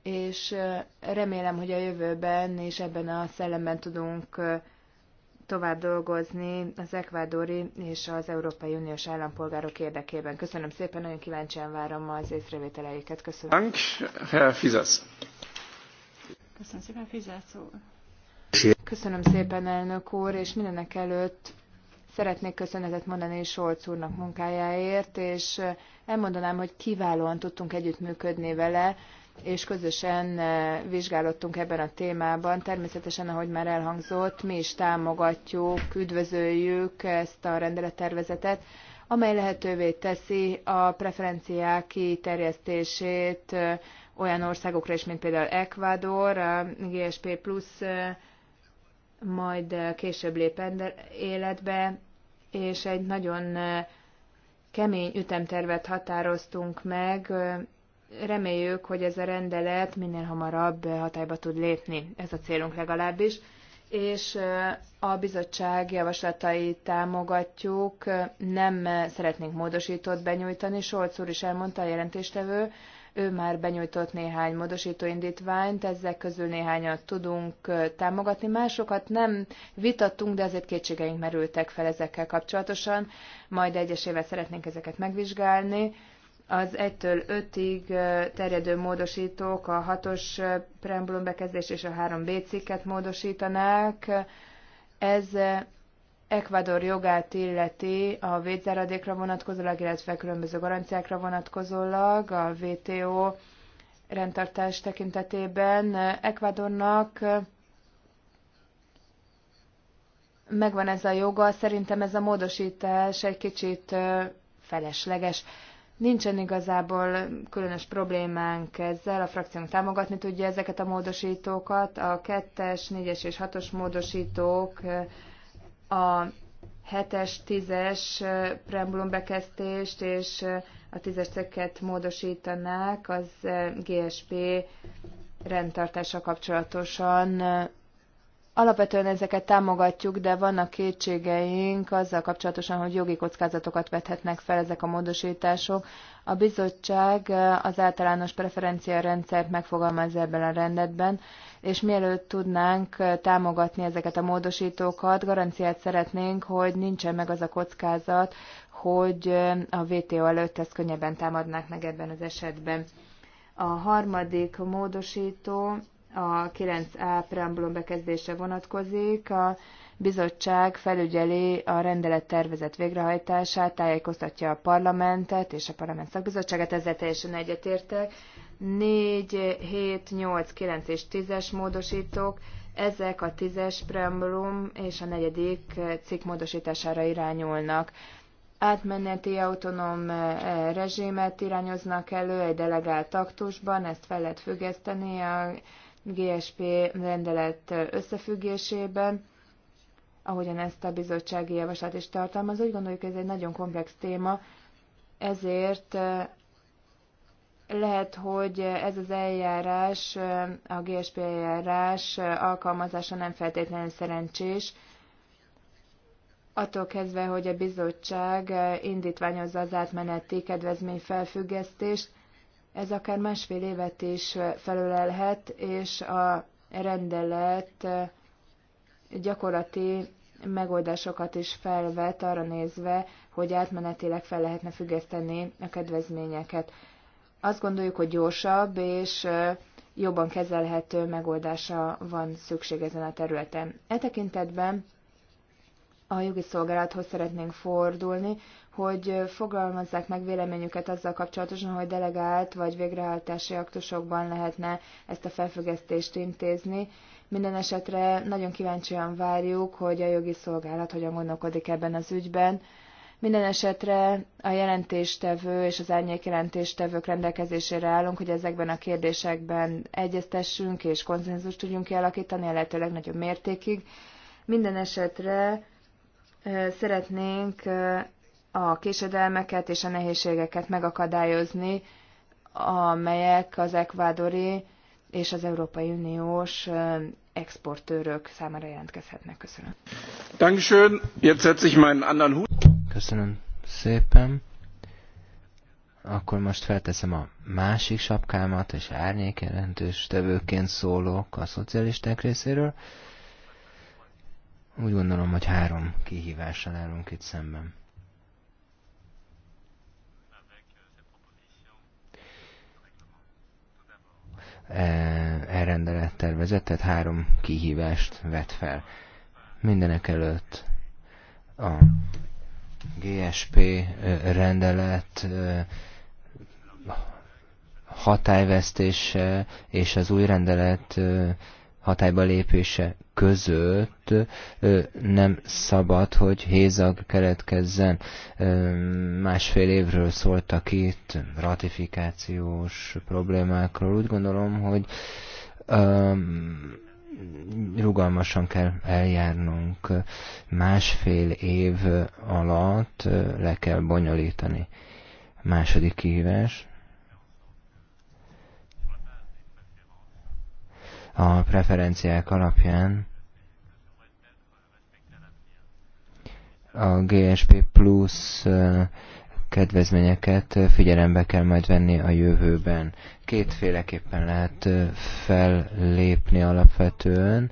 és remélem, hogy a jövőben és ebben a szellemben tudunk tovább dolgozni az ekvádori és az Európai Uniós állampolgárok érdekében. Köszönöm szépen, nagyon kíváncsian várom ma az észrevételeiket. Köszönöm. Thank Köszönöm szépen, Fizesz Köszönöm szépen, elnök úr, és mindenek előtt szeretnék köszönetet mondani Solc úrnak munkájáért, és elmondanám, hogy kiválóan tudtunk együttműködni vele, és közösen eh, vizsgálottunk ebben a témában. Természetesen, ahogy már elhangzott, mi is támogatjuk, üdvözöljük ezt a rendelettervezetet, amely lehetővé teszi a preferenciák kiterjesztését eh, olyan országokra is, mint például Ecuador, a GSP Plus eh, majd később lép életbe, és egy nagyon kemény ütemtervet határoztunk meg reméljük, hogy ez a rendelet minél hamarabb hatályba tud lépni. Ez a célunk legalábbis. És a bizottság javaslatait támogatjuk, nem szeretnénk módosítót benyújtani. Solc úr is elmondta a jelentéstevő, ő már benyújtott néhány módosító indítványt, ezek közül néhányat tudunk támogatni, másokat nem vitattunk, de azért kétségeink merültek fel ezekkel kapcsolatosan, majd egyesével szeretnénk ezeket megvizsgálni az 1-től 5-ig terjedő módosítók a 6-os preambulum bekezdés és a 3B cikket módosítanák. Ez Ekvador jogát illeti a védzáradékra vonatkozólag, illetve különböző garanciákra vonatkozólag a WTO rendtartás tekintetében. Ekvadornak megvan ez a joga, szerintem ez a módosítás egy kicsit felesleges. Nincsen igazából különös problémánk ezzel, a frakciónk támogatni tudja ezeket a módosítókat. A 2-es, 4-es és 6-os módosítók a 7-es, 10-es preambulum bekezdést és a 10-es cikket módosítanák, az GSP rendtartása kapcsolatosan Alapvetően ezeket támogatjuk, de vannak kétségeink azzal kapcsolatosan, hogy jogi kockázatokat vethetnek fel ezek a módosítások. A bizottság az általános rendszert megfogalmazza ebben a rendetben, és mielőtt tudnánk támogatni ezeket a módosítókat, garanciát szeretnénk, hogy nincsen meg az a kockázat, hogy a VTO előtt ezt könnyebben támadnák meg ebben az esetben. A harmadik módosító a 9A preambulum bekezdése vonatkozik. A bizottság felügyeli a rendelet tervezett végrehajtását, tájékoztatja a parlamentet és a parlament szakbizottságát, ezzel teljesen egyetértek. 4, 7, 8, 9 és 10-es módosítók, ezek a 10-es preambulum és a negyedik cikk módosítására irányulnak átmeneti autonóm eh, rezsimet irányoznak elő egy delegált taktusban, ezt fel lehet függeszteni a GSP rendelet összefüggésében, ahogyan ezt a bizottsági javaslat is tartalmaz. Úgy gondoljuk, ez egy nagyon komplex téma, ezért lehet, hogy ez az eljárás, a GSP eljárás alkalmazása nem feltétlenül szerencsés, attól kezdve, hogy a bizottság indítványozza az átmeneti kedvezmény felfüggesztést, ez akár másfél évet is felölelhet, és a rendelet gyakorlati megoldásokat is felvet arra nézve, hogy átmenetileg fel lehetne függeszteni a kedvezményeket. Azt gondoljuk, hogy gyorsabb és jobban kezelhető megoldása van szükség ezen a területen. E tekintetben a jogi szolgálathoz szeretnénk fordulni, hogy fogalmazzák meg véleményüket azzal kapcsolatosan, hogy delegált vagy végrehajtási aktusokban lehetne ezt a felfüggesztést intézni. Minden esetre nagyon kíváncsian várjuk, hogy a jogi szolgálat hogyan gondolkodik ebben az ügyben. Minden esetre a jelentéstevő és az árnyék jelentéstevők rendelkezésére állunk, hogy ezekben a kérdésekben egyeztessünk és konzenzust tudjunk kialakítani a lehető legnagyobb mértékig. Minden esetre szeretnénk a késedelmeket és a nehézségeket megakadályozni, amelyek az ekvádori és az Európai Uniós exportőrök számára jelentkezhetnek. Köszönöm. Dankeschön. Jetzt setze ich meinen anderen Hut. Köszönöm szépen. Akkor most felteszem a másik sapkámat, és árnyék jelentős tevőként szólok a szocialisták részéről. Úgy gondolom, hogy három kihívással állunk itt szemben. elrendelet tehát három kihívást vet fel. Mindenek előtt a GSP rendelet hatályvesztése és az új rendelet hatályba lépése között nem szabad, hogy hézag keletkezzen. Másfél évről szóltak itt ratifikációs problémákról. Úgy gondolom, hogy rugalmasan kell eljárnunk. Másfél év alatt le kell bonyolítani. Második kihívás a preferenciák alapján a GSP Plus kedvezményeket figyelembe kell majd venni a jövőben. Kétféleképpen lehet fellépni alapvetően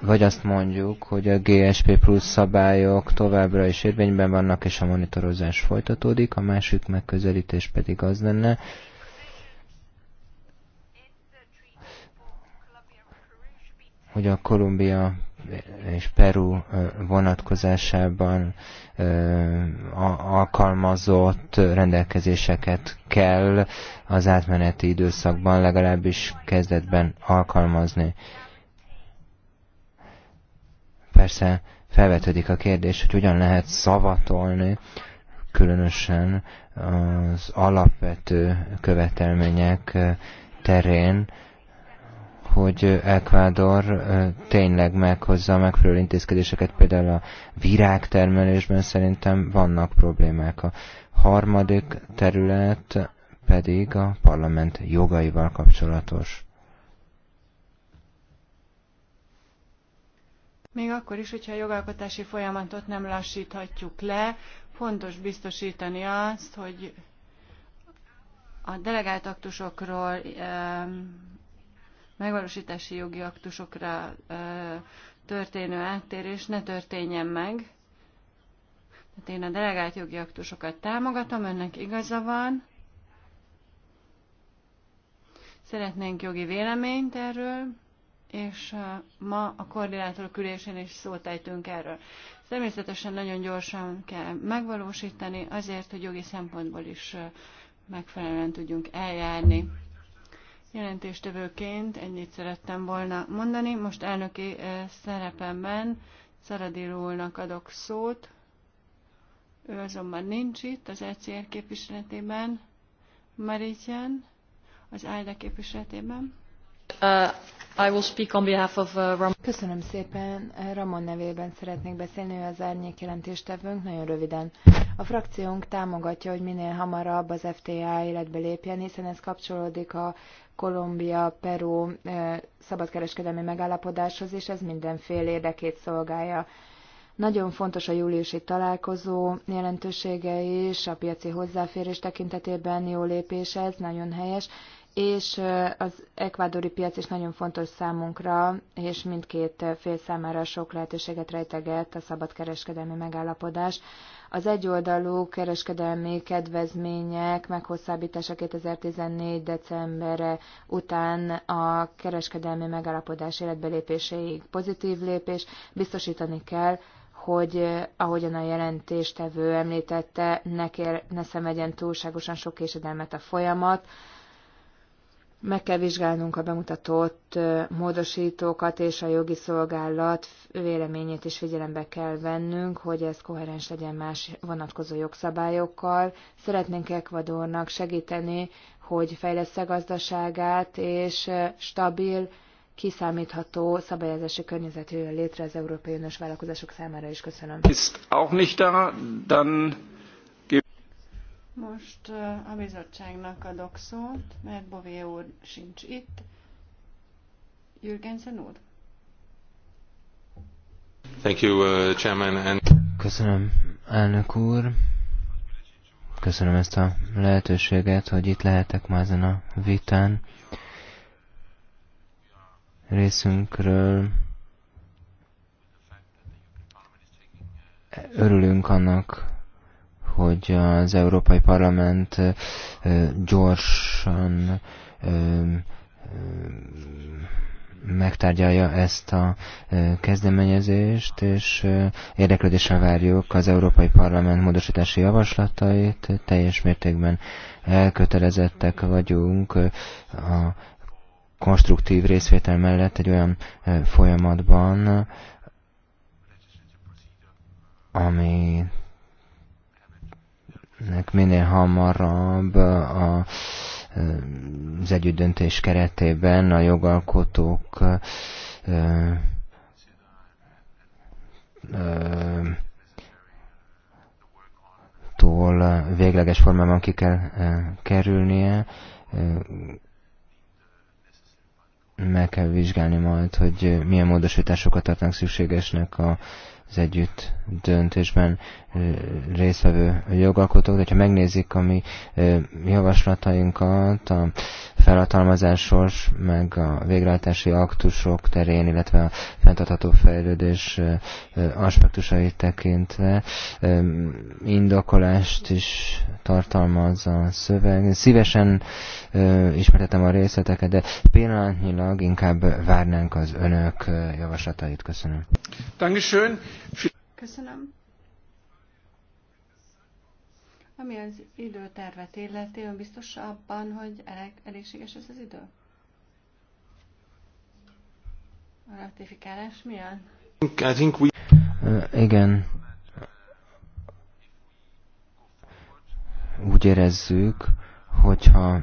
vagy azt mondjuk, hogy a GSP plus szabályok továbbra is érvényben vannak, és a monitorozás folytatódik, a másik megközelítés pedig az lenne, hogy a Kolumbia és Peru vonatkozásában alkalmazott rendelkezéseket kell az átmeneti időszakban legalábbis kezdetben alkalmazni. Persze felvetődik a kérdés, hogy hogyan lehet szavatolni, különösen az alapvető követelmények terén, hogy Ecuador tényleg meghozza a megfelelő intézkedéseket, például a virágtermelésben szerintem vannak problémák. A harmadik terület pedig a parlament jogaival kapcsolatos. Még akkor is, hogyha a jogalkotási folyamatot nem lassíthatjuk le, fontos biztosítani azt, hogy a delegált aktusokról megvalósítási jogi aktusokra történő áttérés ne történjen meg. Tehát én a delegált jogi aktusokat támogatom, önnek igaza van. Szeretnénk jogi véleményt erről, és ma a koordinátorok ülésén is szót ejtünk erről. Természetesen nagyon gyorsan kell megvalósítani, azért, hogy jogi szempontból is megfelelően tudjunk eljárni. Jelentéstevőként ennyit szerettem volna mondani. Most elnöki eh, szerepemben Szaradil Rólnak adok szót. Ő azonban nincs itt az ECR képviseletében. Maritján az ALDE képviseletében. Uh, I will speak on behalf of, uh, Ram- Köszönöm szépen. Ramon nevében szeretnék beszélni, ő az árnyék jelentéstevőnk, nagyon röviden. A frakciónk támogatja, hogy minél hamarabb az FTA életbe lépjen, hiszen ez kapcsolódik a Kolumbia, Peru szabadkereskedelmi megállapodáshoz, és ez mindenféle érdekét szolgálja. Nagyon fontos a júliusi találkozó jelentősége is, a piaci hozzáférés tekintetében jó lépés ez, nagyon helyes, és az ekvádori piac is nagyon fontos számunkra, és mindkét fél számára sok lehetőséget rejteget a szabadkereskedelmi megállapodás. Az egyoldalú kereskedelmi kedvezmények meghosszabbítása 2014. decemberre után a kereskedelmi megállapodás életbelépéséig pozitív lépés, biztosítani kell, hogy ahogyan a jelentéstevő említette, ne, kér, ne szemegyen túlságosan sok késedelmet a folyamat, meg kell vizsgálnunk a bemutatott módosítókat és a jogi szolgálat véleményét is figyelembe kell vennünk, hogy ez koherens legyen más vonatkozó jogszabályokkal. Szeretnénk Ekvadornak segíteni, hogy fejlesz gazdaságát, és stabil, kiszámítható szabályozási környezet jöjjön létre az Európai Uniós vállalkozások számára is. Köszönöm. Ist auch nicht da, dann most a bizottságnak adok szót, mert Bové úr sincs itt. Jürgensen úr? Thank you, uh, Chairman. And... Köszönöm, elnök úr. Köszönöm ezt a lehetőséget, hogy itt lehetek ma ezen a vitán. Részünkről örülünk annak, hogy az Európai Parlament gyorsan megtárgyalja ezt a kezdeményezést, és érdeklődéssel várjuk az Európai Parlament módosítási javaslatait. Teljes mértékben elkötelezettek vagyunk a konstruktív részvétel mellett egy olyan folyamatban, amit nek minél hamarabb a, az együttdöntés keretében a jogalkotók ö, ö, tól végleges formában ki kell kerülnie. Meg kell vizsgálni majd, hogy milyen módosításokat tartanak szükségesnek a az együtt döntésben résztvevő jogalkotók, de ha megnézik a mi javaslatainkat a felhatalmazásos, meg a végrehajtási aktusok terén, illetve a fenntartható fejlődés aspektusait tekintve indokolást is tartalmaz a szöveg. Szívesen ismertetem a részleteket, de pillanatnyilag inkább várnánk az önök javaslatait. Köszönöm. Dankeschön. Köszönöm. Ami az időtervet illeti, ön biztos abban, hogy elég, elégséges ez az idő? A ratifikálás milyen? I think we... uh, igen. Úgy érezzük, hogyha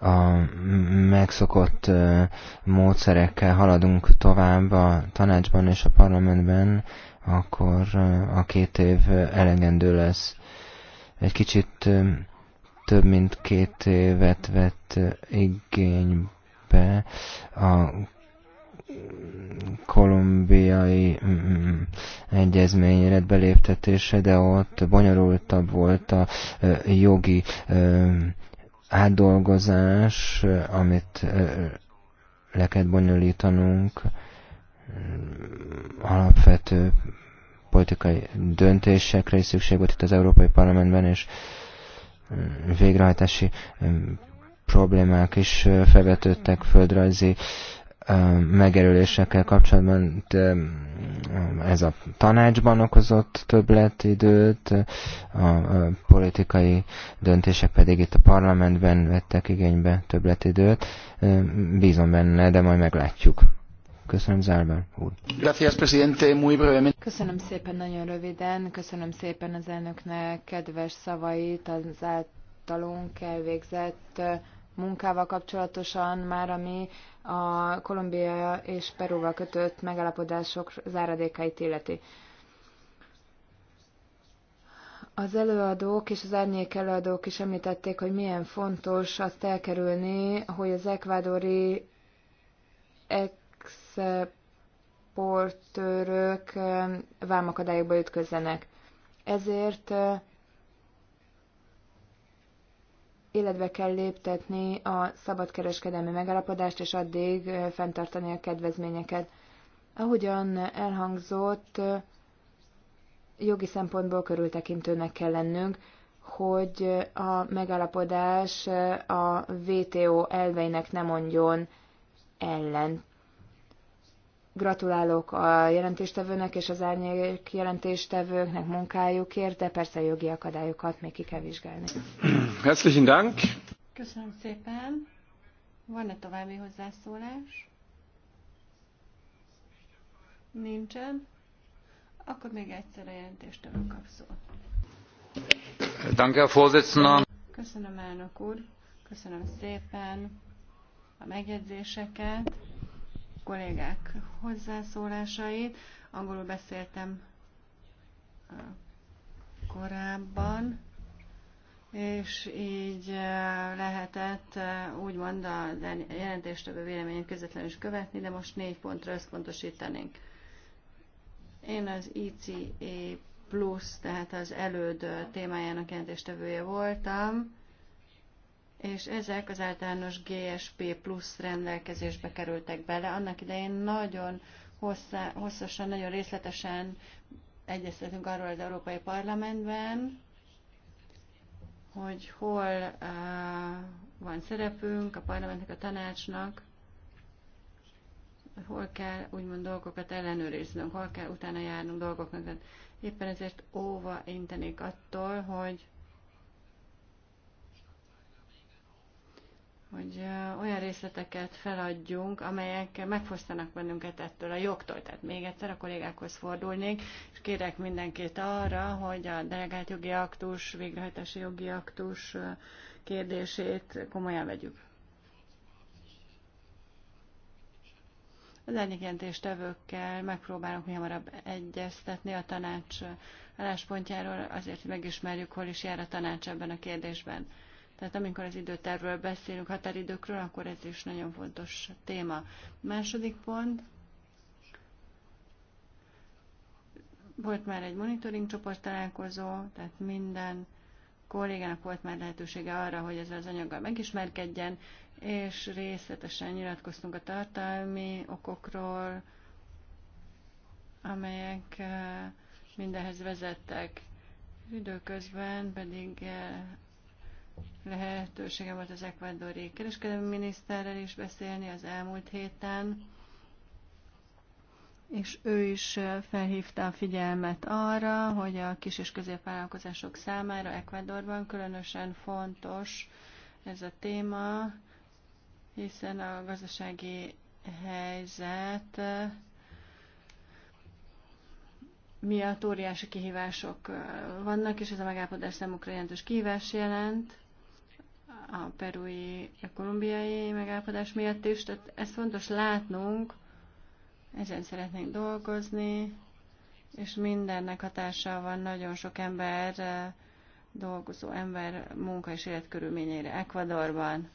a megszokott módszerekkel haladunk tovább a tanácsban és a parlamentben, akkor a két év elegendő lesz. Egy kicsit több mint két évet vett igénybe a kolumbiai egyezményre beléptetése, de ott bonyolultabb volt a jogi átdolgozás, amit le kell bonyolítanunk, alapvető politikai döntésekre is szükség volt itt az Európai Parlamentben, és végrehajtási problémák is felvetődtek, földrajzi megerülésekkel kapcsolatban ez a tanácsban okozott időt, a politikai döntések pedig itt a parlamentben vettek igénybe időt. Bízom benne, de majd meglátjuk. Köszönöm, szépen. úr. presidente, muy brevemente. Köszönöm szépen, nagyon röviden. Köszönöm szépen az elnöknek kedves szavait, az általunk elvégzett munkával kapcsolatosan már, ami a Kolumbia és Peruval kötött megállapodások záradékait illeti. Az előadók és az árnyék előadók is említették, hogy milyen fontos azt elkerülni, hogy az ekvádori exportőrök eh, vámakadályokba ütközzenek. Ezért eh, életbe kell léptetni a szabadkereskedelmi megalapodást, és addig fenntartani a kedvezményeket. Ahogyan elhangzott, jogi szempontból körültekintőnek kell lennünk, hogy a megalapodás a WTO elveinek ne mondjon ellent Gratulálok a jelentéstevőnek és az árnyék jelentéstevőknek munkájukért, de persze jogi akadályokat még ki kell vizsgálni. Herzlichen Dank! Köszönöm szépen! Van-e további hozzászólás? Nincsen. Akkor még egyszer a jelentéstevő kap szót. Danke, Vorsitzender! Köszönöm, elnök úr! Köszönöm szépen a megjegyzéseket! kollégák hozzászólásait. Angolul beszéltem korábban, és így lehetett úgymond a jelentéstevő véleményét közvetlenül is követni, de most négy pontra összpontosítanénk. Én az ICE plusz, tehát az előd témájának jelentéstevője voltam, és ezek az általános GSP plusz rendelkezésbe kerültek bele. Annak idején nagyon hosszá, hosszasan, nagyon részletesen egyeztetünk arról az Európai Parlamentben, hogy hol uh, van szerepünk a parlamentnek, a tanácsnak, hol kell úgymond dolgokat ellenőriznünk, hol kell utána járnunk dolgoknak. éppen ezért óva intenék attól, hogy hogy olyan részleteket feladjunk, amelyek megfosztanak bennünket ettől a jogtól. Tehát még egyszer a kollégákhoz fordulnék, és kérek mindenkit arra, hogy a delegált jogi aktus, végrehajtási jogi aktus kérdését komolyan vegyük. Az árnyékjelentéstevőkkel megpróbálunk mi hamarabb egyeztetni a tanács álláspontjáról, azért, hogy megismerjük, hol is jár a tanács ebben a kérdésben. Tehát amikor az időtervről beszélünk, határidőkről, akkor ez is nagyon fontos téma. Második pont, volt már egy monitoring csoport találkozó, tehát minden kollégának volt már lehetősége arra, hogy ezzel az anyaggal megismerkedjen, és részletesen nyilatkoztunk a tartalmi okokról, amelyek eh, mindenhez vezettek. Időközben pedig eh, Lehetőségem volt az ekvadori kereskedelmi miniszterrel is beszélni az elmúlt héten, és ő is felhívta a figyelmet arra, hogy a kis- és középvállalkozások számára Ekvadorban különösen fontos ez a téma, hiszen a gazdasági helyzet miatt óriási kihívások vannak, és ez a megállapodás számukra jelentős kihívás jelent a perui, a kolumbiai megállapodás miatt is, tehát ezt fontos látnunk, ezen szeretnénk dolgozni, és mindennek hatással van nagyon sok ember, eh, dolgozó ember munka és életkörülményeire Ecuadorban.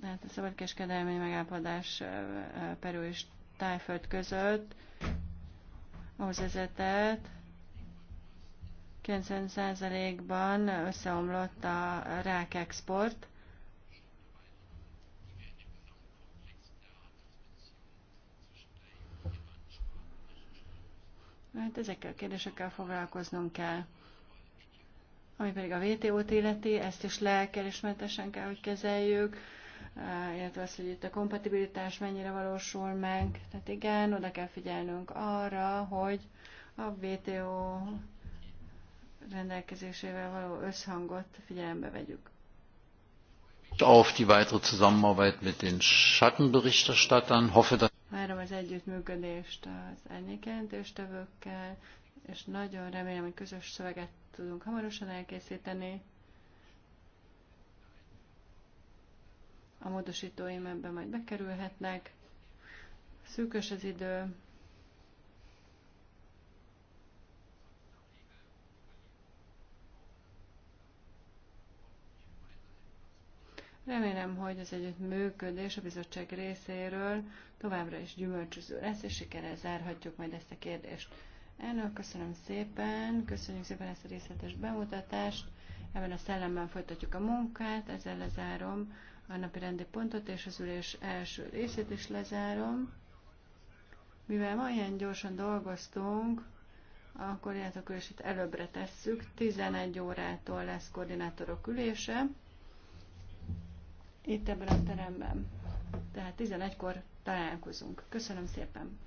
Tehát a szabadkereskedelmi megállapodás eh, eh, Peru és Tájföld között ahhoz vezetett, 90%-ban összeomlott a rák export. Hát ezekkel a kérdésekkel foglalkoznunk kell. Ami pedig a VTO-t illeti, ezt is lelkerismertesen kell, hogy kezeljük, eh, illetve az, hogy itt a kompatibilitás mennyire valósul meg. Tehát igen, oda kell figyelnünk arra, hogy a VTO rendelkezésével való összhangot figyelembe vegyük. Auf die weitere Zusammenarbeit mit den Schattenberichterstattern hoffe, dass Várom az együttműködést az árnyékjelentéstevőkkel, és nagyon remélem, hogy közös szöveget tudunk hamarosan elkészíteni. A módosítóim ebben majd bekerülhetnek. Szűkös az idő, Remélem, hogy az együttműködés a bizottság részéről továbbra is gyümölcsöző lesz, és sikerrel zárhatjuk majd ezt a kérdést. Elnök, köszönöm szépen, köszönjük szépen ezt a részletes bemutatást. Ebben a szellemben folytatjuk a munkát, ezzel lezárom a napi rendi pontot, és az ülés első részét is lezárom. Mivel ma ilyen gyorsan dolgoztunk, akkor a itt előbbre tesszük. 11 órától lesz koordinátorok ülése itt ebben a teremben. Tehát 11-kor találkozunk. Köszönöm szépen.